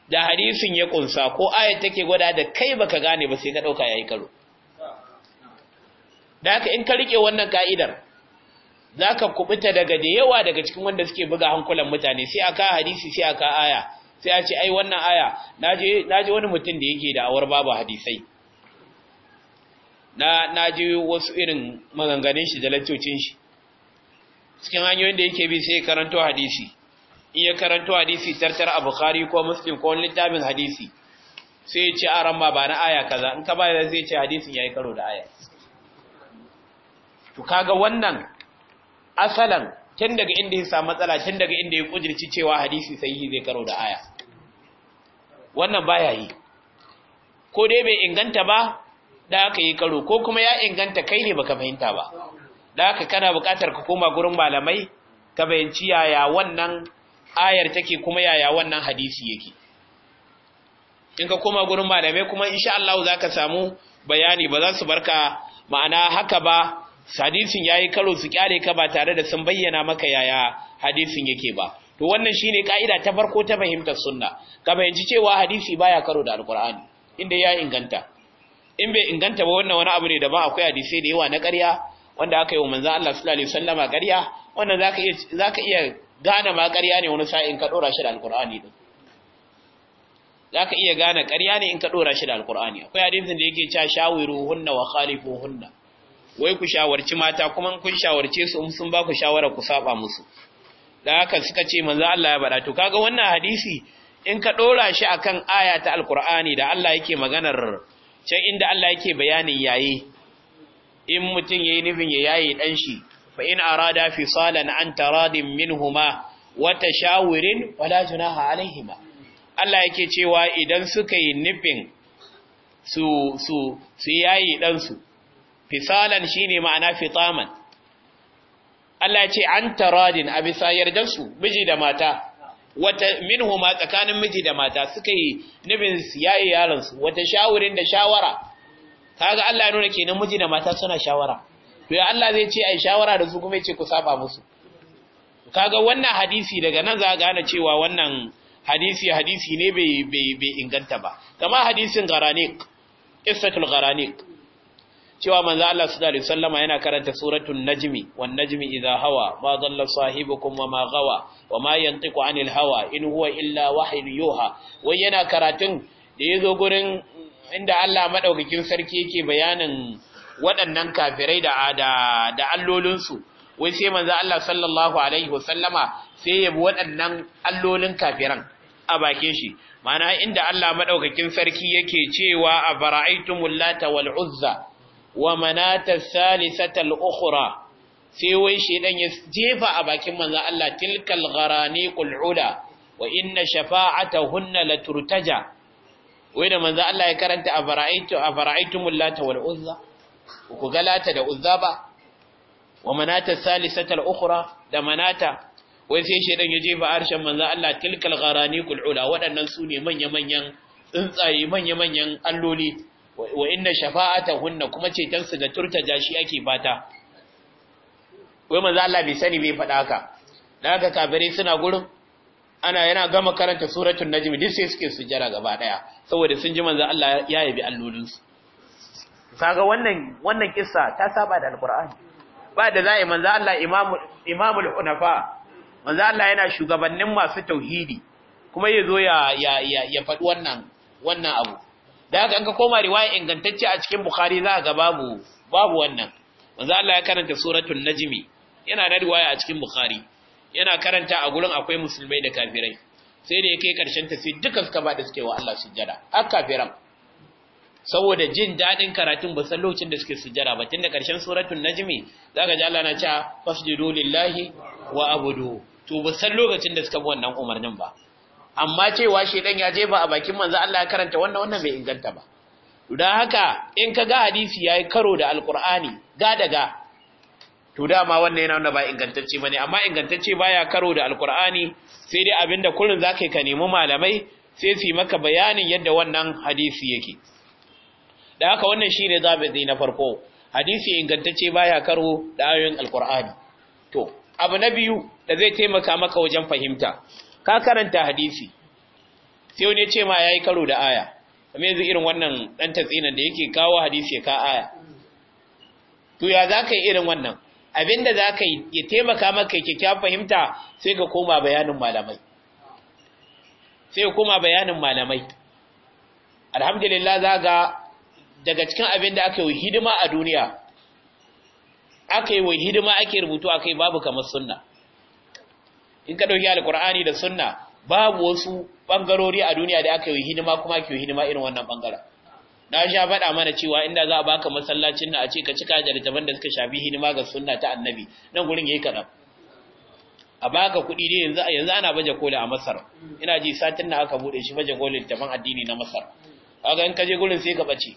S1: da hadisin ya kunsa ko ayat take gwada da kai baka gane ba sai ka dauka yayi karo da haka in ka riƙe wannan ka'idar za ka kubuta daga da yawa daga cikin wanda suke buga hankulan mutane sai aka hadisi sai aka aya sai a ce ai wannan aya na je wani mutum da yake da awar babu hadisai na je wasu irin maganganun shi da lantocin shi cikin hanyoyin da yake bi sai karanto hadisi iya karanto hadisi tartar a bukhari ko muslim ko littafin hadisi sai ya ce aran ba na aya kaza in ka ba zai ce hadisin yayi karo da aya to kaga wannan asalan tun daga inda ya samu matsala tun daga inda ya kujirci cewa hadisi sahihi zai karo da aya wannan baya yi ko dai bai inganta ba da aka yi karo ko kuma ya inganta kai ne baka fahimta ba da aka kana bukatar ka koma gurin malamai ka bayanci yaya wannan ayar take kuma yaya wannan hadisi yake in ka koma gurin malamai kuma insha Allah ka samu bayani ba za su barka ma'ana haka ba hadisin ya yi karo su kyare ka ba tare da sun bayyana maka yaya hadisin yake ba to wannan shine kaida ta farko ta fahimtar sunna ka bayanci cewa hadisi baya karo da alqur'ani inda ya inganta in bai inganta ba wannan wani abu ne daban akwai hadisi da yawa na ƙarya wanda aka yi wa manzo Allah sallallahu alaihi wasallama ƙarya wannan zaka iya zaka iya gane ma ƙarya ne wani sa'in ka dora shi da alqur'ani din zaka iya gane ƙarya ne in ka dora shi da alqur'ani akwai hadisin da yake cewa shawiru hunna wa khalifu hunna wai ku shawarci mata kuma kun shawarce su in sun ba ku shawara ku saba musu da haka suka ce manzo Allah ya bada to kaga wannan hadisi in ka dora shi akan aya ta alqur'ani da Allah yake maganar can inda Allah yake bayanin yayi in mutun yayi nufin ya yayi dan shi fa in arada fisalan an min huma, wa tashawurin wala junaha alaihima Allah yake cewa idan suka yi nufin su su su yayi dan su fisalan shine ma'ana fitaman Allah ya ce an taradin a bisa yardar su miji da mata wata minhuma tsakanin miji da mata suka yi nufin yayi yaron su wata shawurin da shawara kaga Allah ya nuna kenan miji da mata suna shawara to ya Allah zai ce ai shawara da su kuma ya ce ku saba musu kaga wannan hadisi daga nan za gane cewa wannan hadisi hadisi ne bai bai inganta ba Kamar hadisin garanik qissatul garanik cewa manzo Allah sallallahu alaihi wasallama yana karanta suratul najmi wan najmi idha hawa ma dhalla sahibukum wa ma ghawa wa ma yantiqu anil hawa in huwa illa wahyun yuha wai yana karatun da yazo gurin inda Allah madaukakin sarki yake bayanin waɗannan kafirai da da allolinsu wai sai manzo Allah sallallahu alaihi wasallama sai yabi waɗannan allolin kafiran a bakin shi ma'ana inda Allah madaukakin sarki yake cewa a bara'aitumul lata wal uzza wa manata salisatal ukhra sai wai shedan ya jefa a bakin manzo Allah tilkal gharaniqul ula wa inna la turtaja. wai da manzo Allah ya karanta afara'aytu afara'aytumul lata wal uzza ku galata da uzza ba wa manata salisatal ukhra da manata wai sai shedan ya jefa harshen manzo Allah tilkal gharaniqul ula waɗannan su ne manya-manyan tsuntsaye manya-manyan alloli wa inna shafa'atahunna kuma ce su da turtaja shi ake bata. wai manzo Allah bai sani bai fada haka dan haka kafirai suna gurin ana yana gama karanta suratul najm duk sai suke sujjara gaba daya saboda sun ji manzo Allah ya yabi allolin su kaga wannan wannan kissa ta saba da alqur'ani ba da zai manzo Allah imamu imamul hunafa manzo Allah yana shugabannin masu tauhidi kuma yazo ya ya ya faɗi wannan wannan abu da haka an ka koma riwaya ingantacce a cikin bukhari za ga babu babu wannan manzo Allah ya karanta suratul najmi yana da riwaya a cikin bukhari yana karanta a gurin akwai musulmai da kafirai sai da yake karshen ta sai duka suka ba da suke wa Allah sujjada har kafiran saboda jin dadin karatun ba san lokacin da suke sujjada ba tunda karshen suratul najmi zaka ji Allah na cewa fasjudu lillahi wa abudu to ba san lokacin da suka bi wannan umarnin ba amma cewa shedan ya jefa a bakin manzo Allah ya karanta wannan wannan bai inganta ba to dan haka in ka ga hadisi yayi karo da alqur'ani ga daga to dama wannan yana ba ingantacce bane amma ingantacce baya karo da alqur'ani sai dai abinda kullun zakai ka nemi malamai sai su yi maka bayanin yadda wannan hadisi yake da haka wannan shine zabi na farko hadisi ingantacce baya karo da ayoyin alqur'ani to abu na biyu da zai taimaka maka wajen fahimta ka karanta hadisi sai wani ya ce ma yayi karo da aya kamar yanzu irin wannan dan tatsinan da yake kawo hadisi ka aya to ya zaka yi irin wannan abinda zaka yi ya taimaka maka kya fahimta sai ka koma bayanin malamai sai kuma bayanin malamai alhamdulillah zaga daga cikin abin da aka yi hidima a duniya aka yi hidima ake rubutu aka yi babu kamar sunna in ka dauki alkur'ani da sunna babu wasu bangarori a duniya da aka yi hidima kuma ke hidima irin wannan bangara na sha faɗa mana cewa inda za a baka masallacin na a ce ka cika da littafan da suka shafi hidima ga sunna ta annabi nan gurin yayi kaɗan a baka kuɗi ne yanzu yanzu ana baje koli a Masar ina ji satin na aka bude shi baje koli littafin addini na Masar kaga in ka je gurin sai ka bace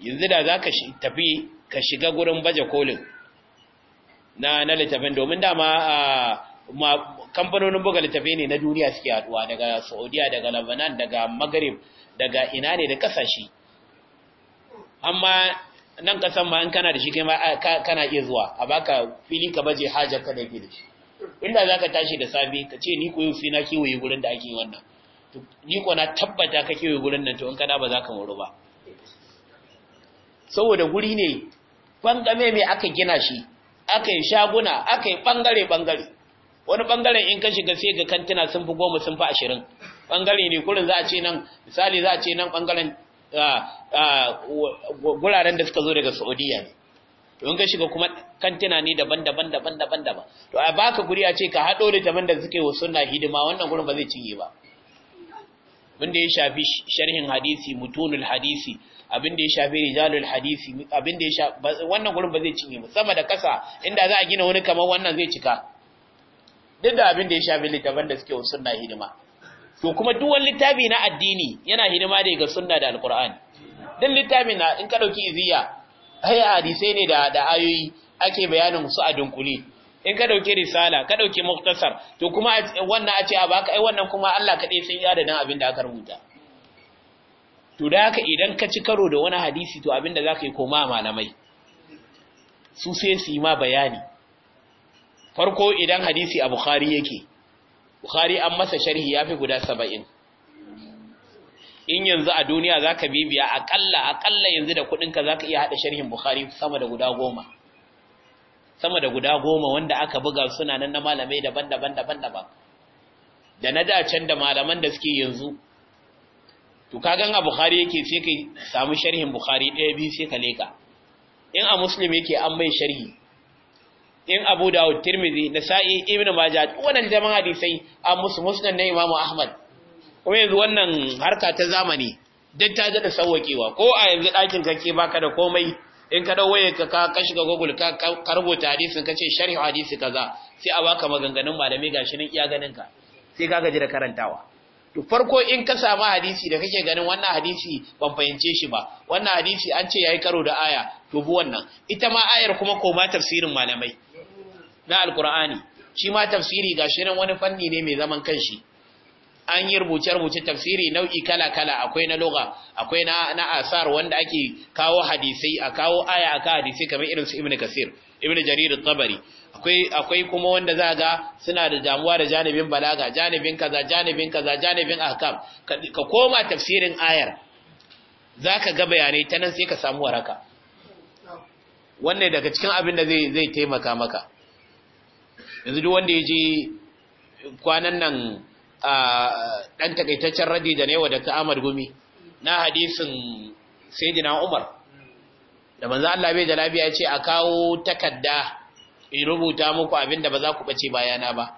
S1: yanzu da zaka tafi ka shiga gurin baje kolin na na litafin domin dama kamfanonin buga litafi ne na duniya suke haduwa daga saudiya daga labanan daga maghrib daga ina ne da kasashe amma nan kasan ma in kana da shi kai ma kana iya zuwa a baka fili ka baje hajar ka da ke da shi inda zaka tashi da safe ka ce ni koyo sai na kiwaye gurin da ake wannan to ni ko na tabbata ka kiwaye gurin nan to in kana ba za ka muru ba saboda guri ne ban game me aka gina shi aka yi shaguna aka yi ɓangare-ɓangare wani ɓangaren in ka shiga sai ga kantina sun fi goma sun fi ashirin ɓangare ne kurin za a ce nan misali za a ce nan ɓangaren guraren da suka zo daga saudiya ne in ka shiga kuma kantina ne daban-daban daban-daban daban to a baka guri a ce ka haɗo da taban da suke wa sunna hidima wannan gurin ba zai cinye ba wanda ya shafi sharhin hadisi mutunul hadisi abin da ya shafi rijalul hadisi abin da ya shafi wannan gurin ba zai cinye mu sama da kasa inda za a gina wani kamar wannan zai cika duk da abin da ya shafi littafin da suke sunna hidima to kuma duk wani littafi na addini yana hidima da ga sunna da alqur'ani duk littafin na in ka dauki iziya ai hadisi ne da da ayoyi ake bayanin su a dunkuli in ka dauki risala ka dauki muktasar to kuma wannan a ce a baka ai wannan kuma Allah kadai sun yi adadin abin da aka rubuta to da haka idan ka ci karo da wani hadisi to abinda za ka yi koma a malamai su sai su yi ma bayani farko idan hadisi a bukhari yake bukhari an masa sharhi ya fi guda saba'in in yanzu a duniya za ka bibiya akalla akalla yanzu da kudinka za ka iya haɗa sharhin bukhari sama da guda goma sama da guda goma wanda aka buga suna nan na malamai daban-daban daban-daban da na dacen da malaman da suke yanzu to kagan a bukhari yake sai ka samu sharhin bukhari ɗaya biyu sai ka leka in a muslim yake an mai sharhi in abu dawud tirmidhi nasa'i Ibn majah wannan jama'a hadisai a musu musnad na imamu ahmad kuma yanzu wannan harka ta zamani duk ta da sauwakewa ko a yanzu ɗakin ke baka da komai in ka dau waye ka ka shiga google ka ka rubuta hadisin ka ce sharhi hadisi kaza sai a baka maganganun malamai gashi nan iya ganin ka sai ka gaji da karantawa to farko in ka samu hadisi da kake ganin wannan hadisi ban fahimce shi ba wannan hadisi an ce ya yi karo da aya to bu wannan ita ma ayar kuma koma tafsirin malamai na alqur'ani shi ma tafsiri ga shi nan wani fanni ne mai zaman kanshi an yi rubuce-rubuce tafsiri nau'i kala-kala akwai na loga akwai na, na asar wanda ake kawo hadisai a kawo aya a kawo hadisai kamar irin su ibn kasir ibn jarir tabari akwai kuma wanda za ga suna da damuwa da janibin balaga janibin kaza janibin kaza janibin ahkam ka koma tafsirin ayar zaka ga bayanai ta nan sai ka samu waraka wannan daga cikin abin da zai taimaka maka yanzu duk wanda ya je kwanan nan dan takaitaccen radi da ne wa Dr. Ahmad Gumi na hadisin Sayyidina Umar da manzo Allah bai da lafiya ya ce a kawo takarda in rubuta muku abin da ba za ku bace bayana ba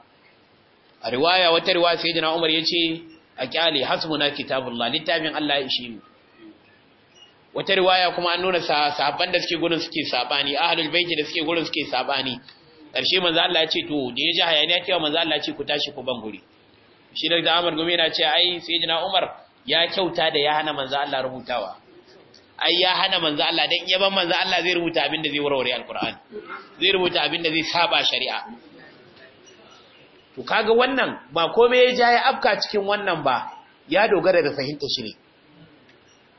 S1: a riwaya wata riwaya sai jina umar ya ce a kyale hasbuna kitabullah littafin Allah ya ishe wata riwaya kuma an nuna sahabban da suke gurin suke sabani ahlul baiti da suke gurin suke sabani karshe manzo Allah ya ce to da ya ji hayaniya cewa manzo Allah ya ce ku tashi ku ban guri shi da Ahmad gumi yana ce ai sayyidina Umar ya kyauta da ya hana manzo Allah rubutawa ai ya hana manzo Allah dan yaban manzo Allah zai rubuta abin da zai warware alqur'ani zai rubuta abin da zai saba shari'a to kaga wannan ba komai ya ja ya afka cikin wannan ba ya dogara da fahimta shi ne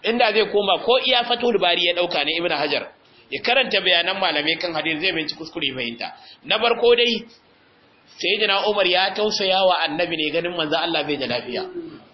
S1: inda zai koma ko iya fatul bari ya dauka ne ibnu hajar ya karanta bayanan malamai kan hadisi zai binci kuskure fahimta na barko dai sayyidina umar ya tausaya wa annabi ne ganin manzo Allah bai da lafiya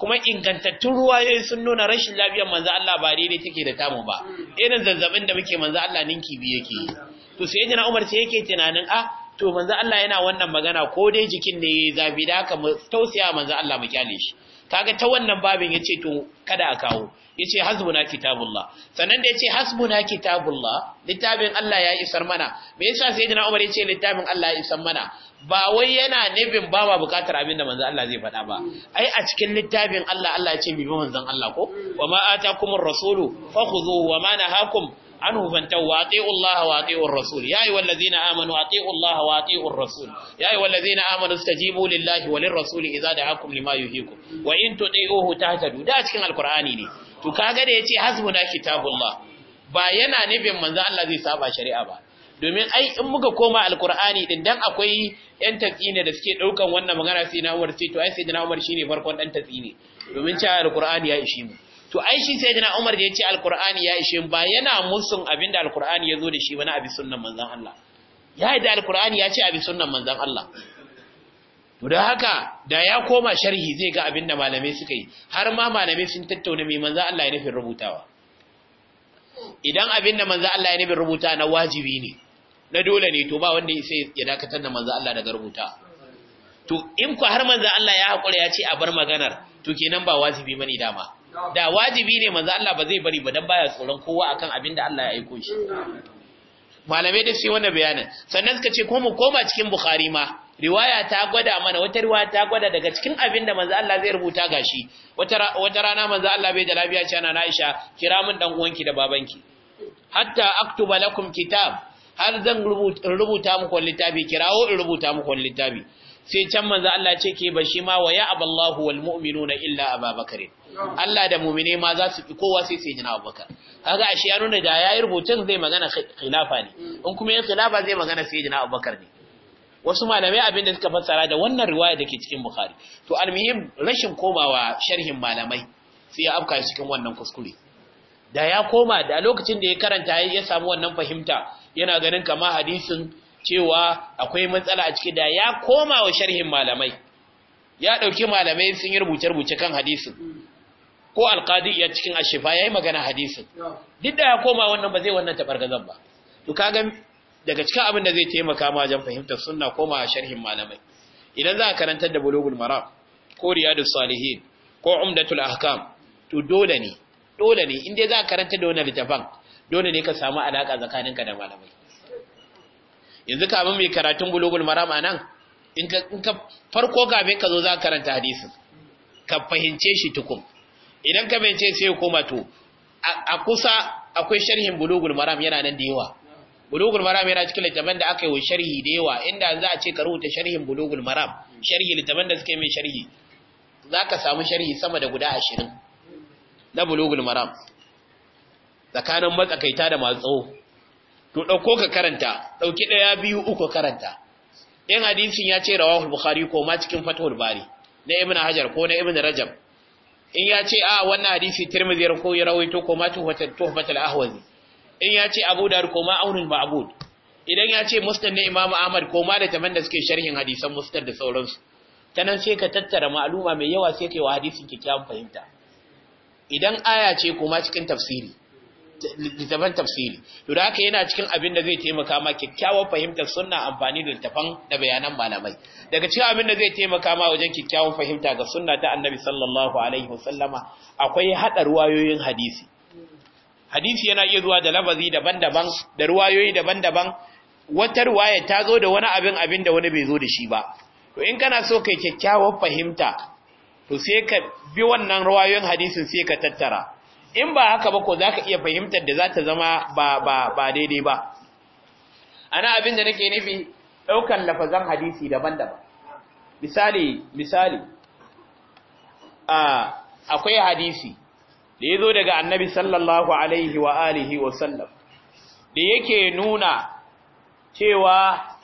S1: kuma ingantattun ruwayoyi sun nuna rashin lafiyar manzo Allah ba daidai take da tamu ba irin zanzabin da muke manzo Allah ninki bi yake to sai yana Umar sai yake tunanin A: ah, to manzo Allah yana wannan magana ko dai jikin ne yayi zabi da haka mu tausaya manzo Allah mu kyale shi kaga ta wannan babin yace to kada a kawo yace hasbuna kitabullah sannan da yace hasbuna kitabullah littafin Allah ya isar mana me yasa sayyidina Umar yace littafin Allah ya isar mana ba wai yana nufin ba ma bukatar abin da manzon Allah zai faɗa ba ai a cikin littafin Allah Allah ya ce bi manzon Allah ko wa ma atakumur rasulu fakhuzuhu wa ma nahakum anhu fantahu wa ati'u Allah wa ati'u rasul ya ayyuhal ladzina amanu ati'u Allah wa ati'u rasul ya ayyuhal ladzina amanu istajibu lillahi wa Iza idza da'akum lima yuhyikum wa in tuti'uhu tahtadu da cikin alqur'ani ne to kaga da yace hasbuna kitabullah ba yana nufin manzon Allah zai saba shari'a ba domin ai in muka koma alkur'ani din dan akwai yan tatsine da suke daukan wannan magana sai na Umar sai to ai sai na Umar shine farkon dan tatsine domin cewa alkur'ani ya ishe mu to ai shi sai na Umar da yace alkur'ani ya ishe mu ba yana musun abinda alkur'ani yazo da shi ba na abi sunnan manzon Allah ya yi da alkur'ani ya ce abi sunnan manzon Allah to da haka da ya koma sharhi zai ga abin da malamai suka yi har ma malamai sun tattauna mai manzon Allah ya nufin rubutawa idan abin da manzo Allah ya nabi rubuta na wajibi ne na dole ne to ba wanda sai ya dakatar da manzo Allah daga rubuta to in ku har manzo Allah ya hakura ya ce a bar maganar to kenan ba wajibi bane dama da wajibi ne manzo Allah ba zai bari ba dan baya tsoron kowa akan abin da Allah ya aiko shi malamai da shi wannan bayanin sannan suka ce ko mu koma cikin bukhari ma riwaya ta gwada mana wata riwaya ta gwada daga cikin abin da manzo Allah zai rubuta gashi wata wata rana manzo Allah bai da lafiya ce ana Aisha kira min dan uwanki da babanki hatta aktuba lakum kitab har zan rubuta muku littafi kirawo in rubuta muku littafi sai can manzo Allah ce ke bashi ma wa ya aballahu wal mu'minuna illa ababakar Allah da mu'mine ma za su fi kowa sai sai jina abubakar kaga ashe ya nuna da yayi rubutun zai magana khilafa ne in kuma ya khilafa zai magana sai jina abubakar ne wasu malamai abin da suka fassara da wannan riwaya da ke cikin bukhari to almihim rashin komawa sharhin malamai sai ya afka cikin wannan kuskure da ya koma da lokacin da ya karanta ya samu wannan fahimta yana ganin kama hadisin cewa akwai matsala a ciki da ya koma wa sharhin malamai ya ɗauki malamai sun yi rubuce-rubuce kan hadisin ko alkadi ya cikin ashifa ya yi magana hadisin duk da ya koma wannan ba zai wannan tabargazan ba to kaga daga cikin abin da zai taimaka ma wajen fahimtar sunna ko a sharhin malamai idan za a karantar da bulugul maram ko riyadus salihin ko umdatul ahkam to dole ne dole ne in dai za a karanta da wannan littafin dole ne ka samu alaka tsakaninka da malamai yanzu ka abin mai karatun bulugul maram anan in ka in ka farko gabe ka zo za ka karanta hadisin ka fahimce shi tukum idan ka fahimce sai ya koma to a kusa akwai sharhin bulugul maram yana nan da yawa bulugul maram yana cikin littafin da aka yi wa sharhi da yawa inda za a ce ka rubuta sharhin bulugul maram sharhi littafin da suke mai sharhi za ka samu sharhi sama da guda ashirin na bulugul maram tsakanin matsakaita da masu tsawo to ɗauko ka karanta ɗauki ɗaya biyu uku karanta in hadisin ya ce rawahul bukhari ko ma cikin fatahul bari na ibn hajar ko na ibn rajab in ya ce a wannan hadisi tirmidhi ko ya rawaito ko ma tuhfatul ahwazi in ya ce abu da ko koma aunin ma'bud idan ya ce mustar na imam ahmad koma da taman da suke sharhin hadisan mustar da sauransu ta nan sai ka tattara ma'aluma mai yawa sai kai wa hadisin kyakkyawan fahimta idan aya ce koma cikin tafsiri littafan tafsiri to da haka yana cikin abin da zai taimaka ma kyakkyawar fahimtar sunna amfani da littafan da bayanan malamai daga cikin abin da zai taimaka ma wajen kyakkyawar fahimta ga sunna ta annabi sallallahu alaihi wasallama akwai hada wayoyin hadisi hadisi yana iya zuwa da lafazi daban-daban da ruwayoyi daban-daban wata ruwaya ta zo da wani abin abin da wani bai zo da shi ba to in kana so kai kyakkyawar fahimta to sai ka bi wannan ruwayoyin hadisin sai ka tattara in ba haka ba ko zaka iya fahimtar da za ta zama ba ba ba daidai ba ana abin da nake nufi daukan lafazan hadisi daban-daban misali misali a akwai hadisi da ya zo daga annabi sallallahu alaihi wa alihi wa sallam da yake nuna cewa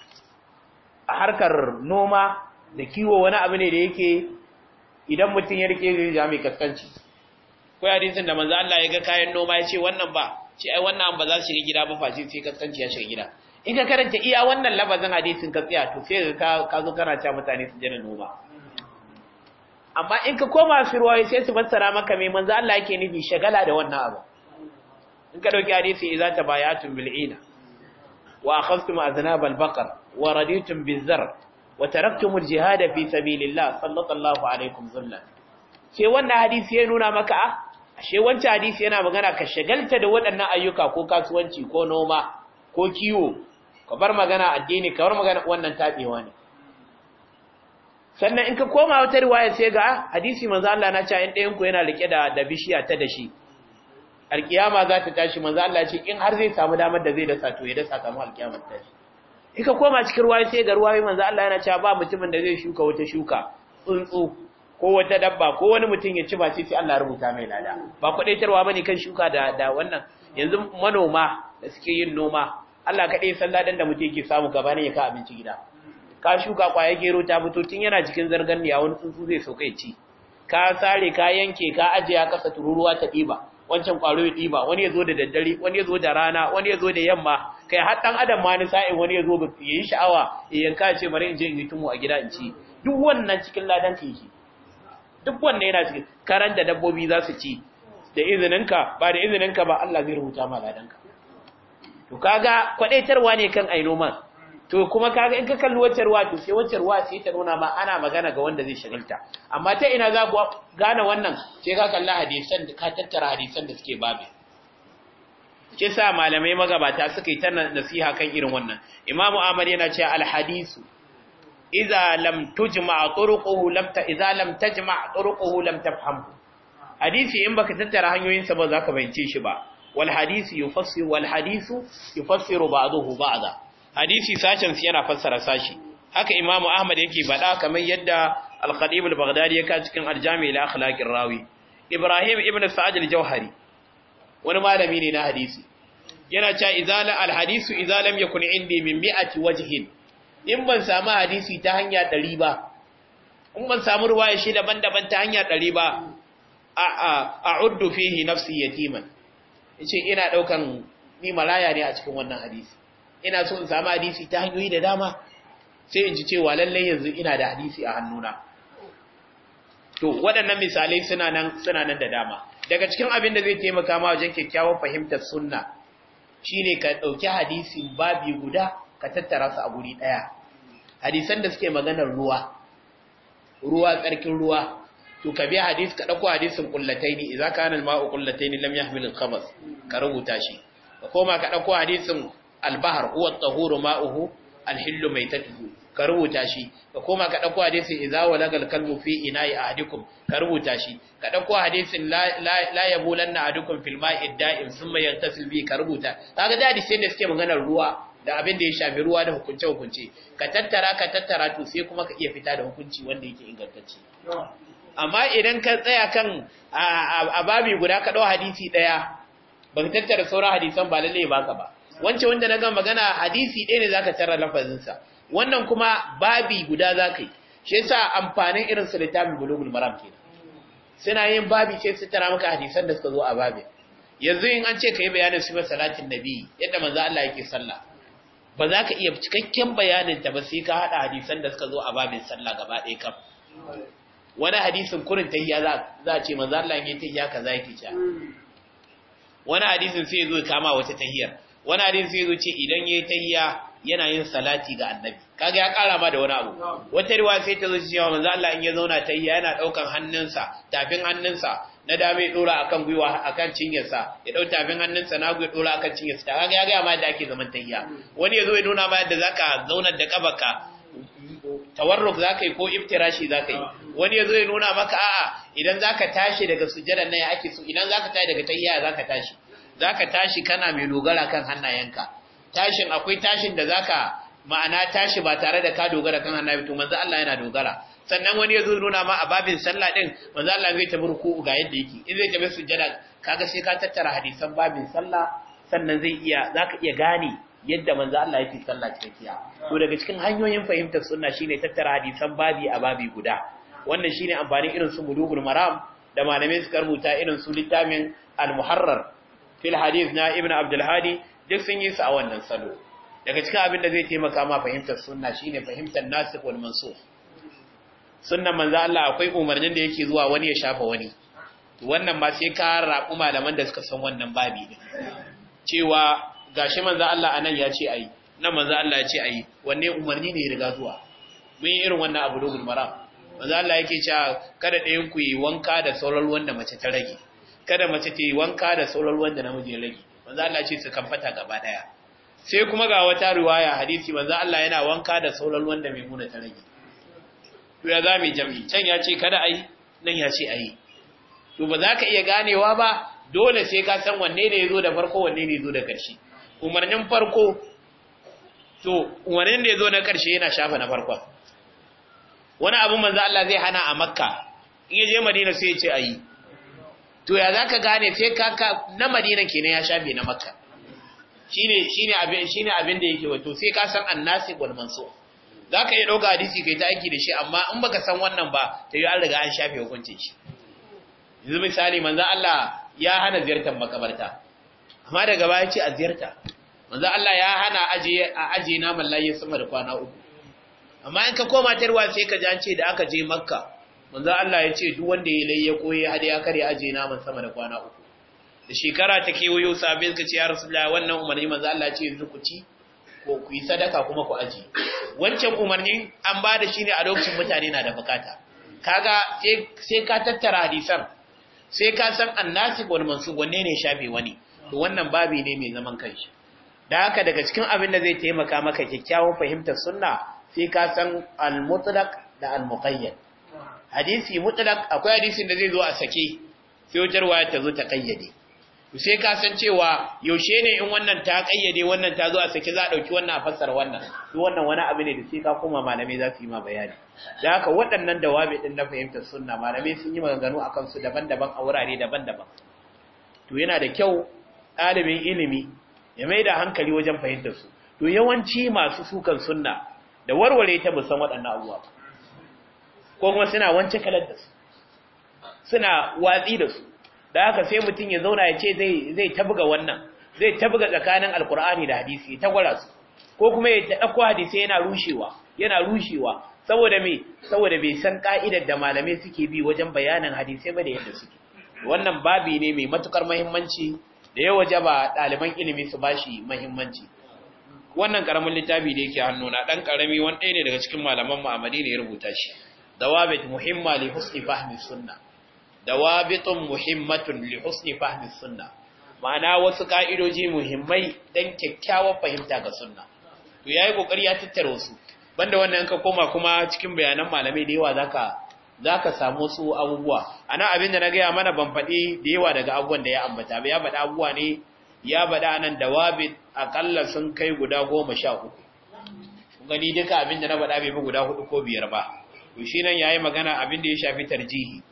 S1: a harkar noma da kiwo wani abu ne da yake idan mutum ya rike zai jami kaskanci ko hadisin da manzo Allah ya ga kayan noma ya ce wannan ba ce ai wannan ba za su shiga gida ba face sai kaskanci ya shiga gida in ka karanta iya wannan labazin hadisin ka tsaya to sai ka ka zo kana cewa mutane su jana noma amma in ka koma su sai su fassara maka mai manzo Allah yake nufi shagala da wannan abu in ka dauki hadisi idza tabayatun bil ina wa akhadhtum aznab al baqar wa raditum biz zar wa taraktum al jihad fi sabilillah sallallahu alaikum zullan ce wannan hadisi ya nuna maka a ah, ashe wancan hadisi yana magana ka shagalta da waɗannan ayyuka ko kasuwanci ko noma ko kiwo ka bar magana addini ka bar magana wannan tabewa ne sannan in ka koma wata riwaya sai ga ah, hadisi manzo Allah na ce in ɗayan ku yana rike da da bishiya ta dashi alkiyama za ta tashi manzo Allah ce in har zai samu damar da zai dasa to ya dasa kamar alkiyama ta tashi in ka koma cikin ruwa sai ga ruwa manzo Allah yana cewa ba mutumin da zai shuka wata shuka tsuntsu ko wata dabba ko wani mutum ya ci ba sai Allah rubuta mai lada ba tarwa bane kan shuka da da wannan yanzu manoma da suke yin noma Allah kaɗai san ladan da mutum yake samu gaba ne ya ka abinci gida ka shuka kwaya gero ta fito tun yana cikin zargan ya wani tsuntsu zai sauka ya ci ka sare ka yanke ka aje ya kasa tururuwa ta diba wancan kwaro ya diba wani ya zo da daddare wani ya zo da rana wani ya zo da yamma kai har dan adam ma ni sa'in wani ya zo ba yi sha'awa ya yanka ya ce bari in je in yi tumo a gida in ci duk wannan cikin ladan ka yake duk wannan yana cikin karan da dabbobi za su ci da izininka ba da izininka ba Allah zai rubuta ma ladanka to kaga kwadaitarwa ne kan ai noman to kuma kaga in ka kalli wacce ruwa to sai wacce ruwa sai ta nuna ma ana magana ga wanda zai shagalta amma ta ina za ku gane wannan sai ka kalli hadisan ka tattara hadisan da suke babu kisa malamai magabata suka yi ta nasiha kan irin wannan imamu ahmad yana cewa al hadisu idza lam tujma turuquhu lam ta idza lam tajma turuquhu lam tafhamhu hadisi in baka tattara hanyoyinsa ba za ka bayyance shi ba wal hadisu yufassiru wal hadisu yufassiru ba'dahu ba'da hadisi sashen su yana fassara sashi haka imamu ahmad yake faɗa kamar yadda al-khatib al-baghdadi ya ka cikin al-jami' ila akhlaqir rawi ibrahim ibn sa'ad al-jauhari wani malami ne na hadisi yana cewa izala al-hadisu lam yakun indi min mi'ati wajhin in ban samu hadisi ta hanya 100 ba in ban samu ruwaya shi daban-daban ta hanya 100 ba a a a'uddu fihi nafsi yatiman yace ina daukan ni malaya ne a cikin wannan hadisi ina so in samu hadisi ta hanyoyi da dama sai in ji cewa lallai yanzu ina da hadisi a hannuna to waɗannan misalai suna nan suna nan da dama daga cikin abin da zai taimaka ma wajen kyakkyawar fahimtar sunna shine ka ɗauki hadisi babi guda ka tattara su a guri daya hadisan da suke maganar ruwa ruwa tsarkin ruwa to ka biya hadisi ka ɗauko hadisin kullataini idza kana al-ma'u kullataini lam yahmil al-khamas ka rubuta shi ka koma ka ɗauko hadisin albahar huwa tahuru ma'uhu alhillu mai maitatuhu ka rubuta shi ka koma ka dauko hadisin idza walagal kalbu fi ina'i ahadikum ka rubuta shi ka dauko hadisin la yabulanna ahadukum fil ma'i da'im thumma yartasil bi ka rubuta ga da sai da suke maganar ruwa da abin da ya shafi ruwa da hukunce hukunce ka tattara ka tattara to sai kuma ka iya fita da hukunci wanda yake ingantacce amma idan ka tsaya kan a babi guda ka dau hadisi daya baka tattara sauran hadisan ba lalle baka ba wance wanda na ga magana hadisi ɗaya ne zaka tara lafazinsa wannan kuma babi guda za ka yi shi yasa amfanin irin su littafin bulugul maram kenan suna yin babi sai su tara maka hadisan da suka zo a babin yanzu in an ce ka yi bayanin sifar na nabi yadda manzo Allah yake sallah ba za ka iya cikakken bayanin ta ba sai ka hada hadisan da suka zo a babin sallah gaba ɗaya kam wani hadisin kurin tahiyya za a ce manzo Allah yake tahiyya kaza ke ta. wani hadisin sai ya zo kama wata tahiyyar wani adin sai zo ce idan yayi tayya yana yin salati ga annabi kaga ya kara ma da wani abu wata riwa sai ta zo cewa manzo Allah in ya zauna tayya yana daukan hannunsa tafin hannunsa na dama ya dora akan gwiwa akan cinyarsa ya dau tafin hannunsa na gwiwa dora akan cinyarsa kaga ya ga ma da ake zaman tayya mm. wani ya zo ya nuna ma yadda zaka zauna da kabaka tawarruk zaka yi ko iftirashi zaka yi wani ya zo ya nuna maka a'a idan zaka tashi daga sujjada ne ake so idan zaka tashi daga tayya zaka tashi zaka tashi kana mai dogara kan hannayenka tashin akwai tashin da zaka ma'ana tashi ba tare da ka dogara kan hannaye to manzo Allah yana dogara sannan wani ya zo nuna ma a babin sallah din manzo Allah zai tabi ku ga yadda yake in zai tabi sujjada kaga sai ka tattara hadisan babin sallah sannan zai iya zaka iya gane yadda manzo Allah yake sallah cikakkiya to daga cikin hanyoyin fahimtar sunna shine tattara hadisan babi a babi guda wannan shine amfanin irin su mudugul maram da malamai suka rubuta irin su littamin al-muharrar fil hadith na ibnu abdul hadi duk sun yi su a wannan salo daga cikin abin da zai taimaka ma fahimtar sunna shine fahimtar nasikh wal mansukh sunnan manzo Allah akwai umarnin da yake zuwa wani ya shafa wani wannan ma sai ka rabu malaman da suka san wannan babi din cewa gashi manzo Allah anan ya ce ai nan manzo Allah ya ce ai wanne umarni ne ya riga zuwa mun yi irin wannan abu dogon maram manzo Allah yake cewa kada ɗayan ku yi wanka da sauraron wanda mace ta rage kada mace ta yi wanka da sauran ruwan da namiji ya rage manzo Allah ce su kamfata gaba daya sai kuma ga wata riwaya hadisi manzo Allah yana wanka da sauran ruwan da maimuna ta rage to ya zame jami'i can ya ce kada ai nan ya ce ai to ba za ka iya ganewa ba dole sai ka san wanne ne yazo da farko wanne ne yazo da ƙarshe umarnin farko to umarnin da yazo na ƙarshe yana shafa na farko wani abu manzo Allah zai hana a makka in je madina sai ya ce ayi to ya za gane sai kaka na madina kenan ya shafe na makka shine abin da yake wato sai ka san annasi wal mansu za ka iya ɗauka hadisi kai ta aiki da shi amma in baka san wannan ba to yi an riga an shafe hukuncin shi yanzu misali manzo Allah ya hana ziyartar makabarta amma daga baya ce a ziyarta manzo Allah ya hana aje a aje naman layi sama da kwana uku amma in ka koma tarwa sai ka ji an ce da aka je makka manzo Allah ya ce duk wanda ya layya koyi hada ya kare aje naman sama da kwana uku da shekara ta kewayo sabi suka ce ya rasulullah wannan umarni manzo Allah ya ce yanzu ku ci ko ku yi sadaka kuma ku aje wancan umarni an ba da shi ne a lokacin mutane na da bukata kaga sai ka tattara hadisan sai ka san annasi wani mansub wanne ne shafe wani to wannan babi ne mai zaman kanshi da haka daga cikin abin da zai taimaka maka kyakkyawan fahimtar sunna sai ka san al-mutlaq da al-muqayyad hadisi mutlak akwai hadisin da zai zo a sake sai wutar waya ta zo ta kayyade sai ka san cewa yaushe ne in wannan ta kayyade wannan ta zo a sake za a dauki wannan a fassara wannan to wannan wani abu ne da sai ka koma malamai za su yi ma bayani da haka waɗannan dawabi din na fahimtar sunna malamai sun yi maganganu akan su daban-daban a wurare daban-daban to yana da kyau ɗalibin ilimi ya mai da hankali wajen fahimtar su to yawanci masu sukan sunna da warware ta musan waɗannan abubuwa ko kuma suna wance kalar da su suna watsi da su da haka sai mutum ya zauna ya ce zai ta wannan zai ta tsakanin alkur'ani da hadisi ta gwara su ko kuma ya ɗauko hadisi yana rushewa yana rushewa saboda me saboda bai san ka'idar da malamai suke bi wajen bayanin hadisai ba da yadda suke wannan babi ne mai matukar muhimmanci da ya waje ba ɗaliban ilimi su bashi muhimmanci wannan karamin littafi da yake hannuna ɗan karami wani ɗaya ne daga cikin malaman mu a Madina ya rubuta shi dawabit muhimma li husni fahmi sunna dawabitun muhimmatun li husni fahmi sunna ma'ana wasu ka'idoji muhimmai dan kyakkyawar fahimta ga sunna to yayi kokari ya tattara wasu banda wannan ka koma kuma cikin bayanan malamai da yawa zaka zaka samu su abubuwa ana abin da na ga mana ban faɗi da yawa daga abubuwan da ya ambata ba ya faɗa abubuwa ne ya faɗa nan dawabit akalla sun kai guda goma sha uku gani duka abin da na faɗa bai fi guda hudu ko biyar ba to shi nan yayi magana abin da ya shafi tarjihi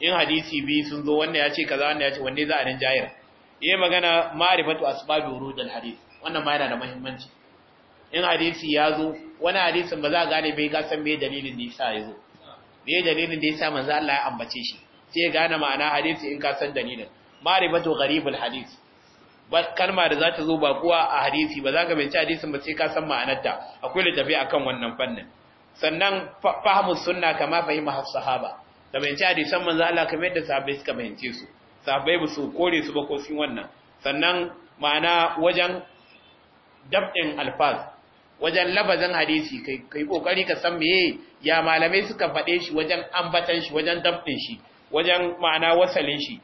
S1: in hadisi bi sun zo wanda ya ce kaza wanda ya ce wanne za a Ya yayi magana ma'rifatu asbabi wurudul hadith wannan ma yana da muhimmanci in hadisi ya zo wani hadisin ba za a gane bai kasan me dalilin da yasa ya zo me dalilin da yasa manzo Allah ya ambace shi sai ya gane ma'ana hadisi in ka san dalilin ma'rifatu gharibul hadith ba kalma da za ta zo ba kuwa a hadisi ba za ka binci hadisin ba sai ka san ma'anarta akwai littafi akan wannan fannin sannan fahimu sunna kama fahimu sahaba da bayanci hadisan manzo Allah kamar yadda sahabbai suka bayance su sahabbai ba su kore su ba ko sun wannan sannan ma'ana wajen dab'in alfaz wajen labazan hadisi kai kai kokari ka san meye ya malamai suka faɗe shi wajen ambatan shi wajen dab'in shi wajen ma'ana wasalin shi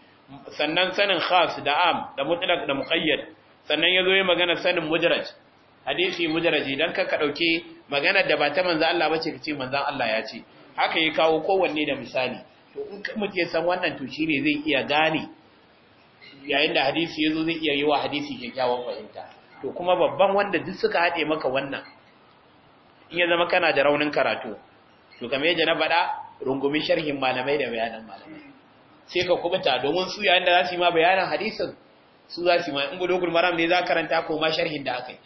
S1: sannan sanin khas da am da mutlaq da muqayyad sannan yazo yi magana sanin mujarraj hadisi mujarraji dan ka ka dauke maganar da ba ta manzan Allah ba ce ka ce manzan Allah ya ce haka ya kawo kowanne da misali to in mutum ya san wannan to shine zai iya gane yayin da hadisi ya zo zai iya yi wa hadisi kyakkyawan fahimta to kuma babban wanda duk suka haɗe maka wannan in ya zama kana da raunin karatu to kamar yadda na faɗa rungumin sharhin malamai da bayanan malamai sai ka kubuta domin su yayin da za su yi ma bayanan hadisin su za su yi ma in gudu maram ne za karanta ko ma sharhin da aka yi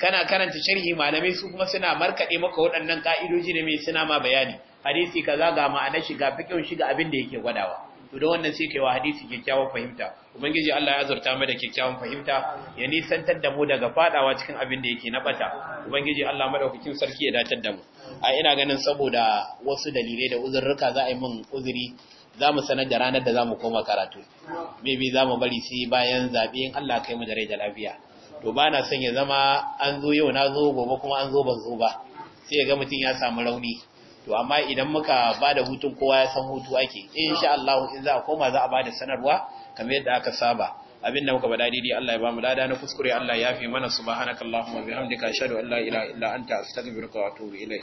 S1: kana karanta sharhi malamai su kuma suna markade maka waɗannan ka'idoji da mai suna ma bayani hadisi kaza ga ma'ana shiga shi shiga abin da yake gwadawa to da wannan sai kai wa hadisi kyakkyawan fahimta ubangiji Allah ya azurta mu da kyakkyawan fahimta ya nisantar da mu daga fadawa cikin abin da yake na bata ubangiji Allah madaukakin sarki ya datar da mu a ina ganin saboda wasu dalilai da uzurruka za a yi min uzuri za mu sanar da ranar da za mu koma karatu maybe za mu bari sai bayan zaɓe in Allah kai mu da rai da lafiya to ba na son ya zama an zo yau na zo gobe kuma an zo ban zo ba sai ya ga mutum ya samu rauni to amma idan muka ba da hutun kowa ya san hutu ake insha Allah in za a koma za a ba da sanarwa kamar yadda aka saba Abin da muka bada daidai Allah ya ba mu lada na kuskure Allah ya fi mana subhanakallahumma bihamdika ashhadu an la ilaha illa anta astaghfiruka wa atubu ilayk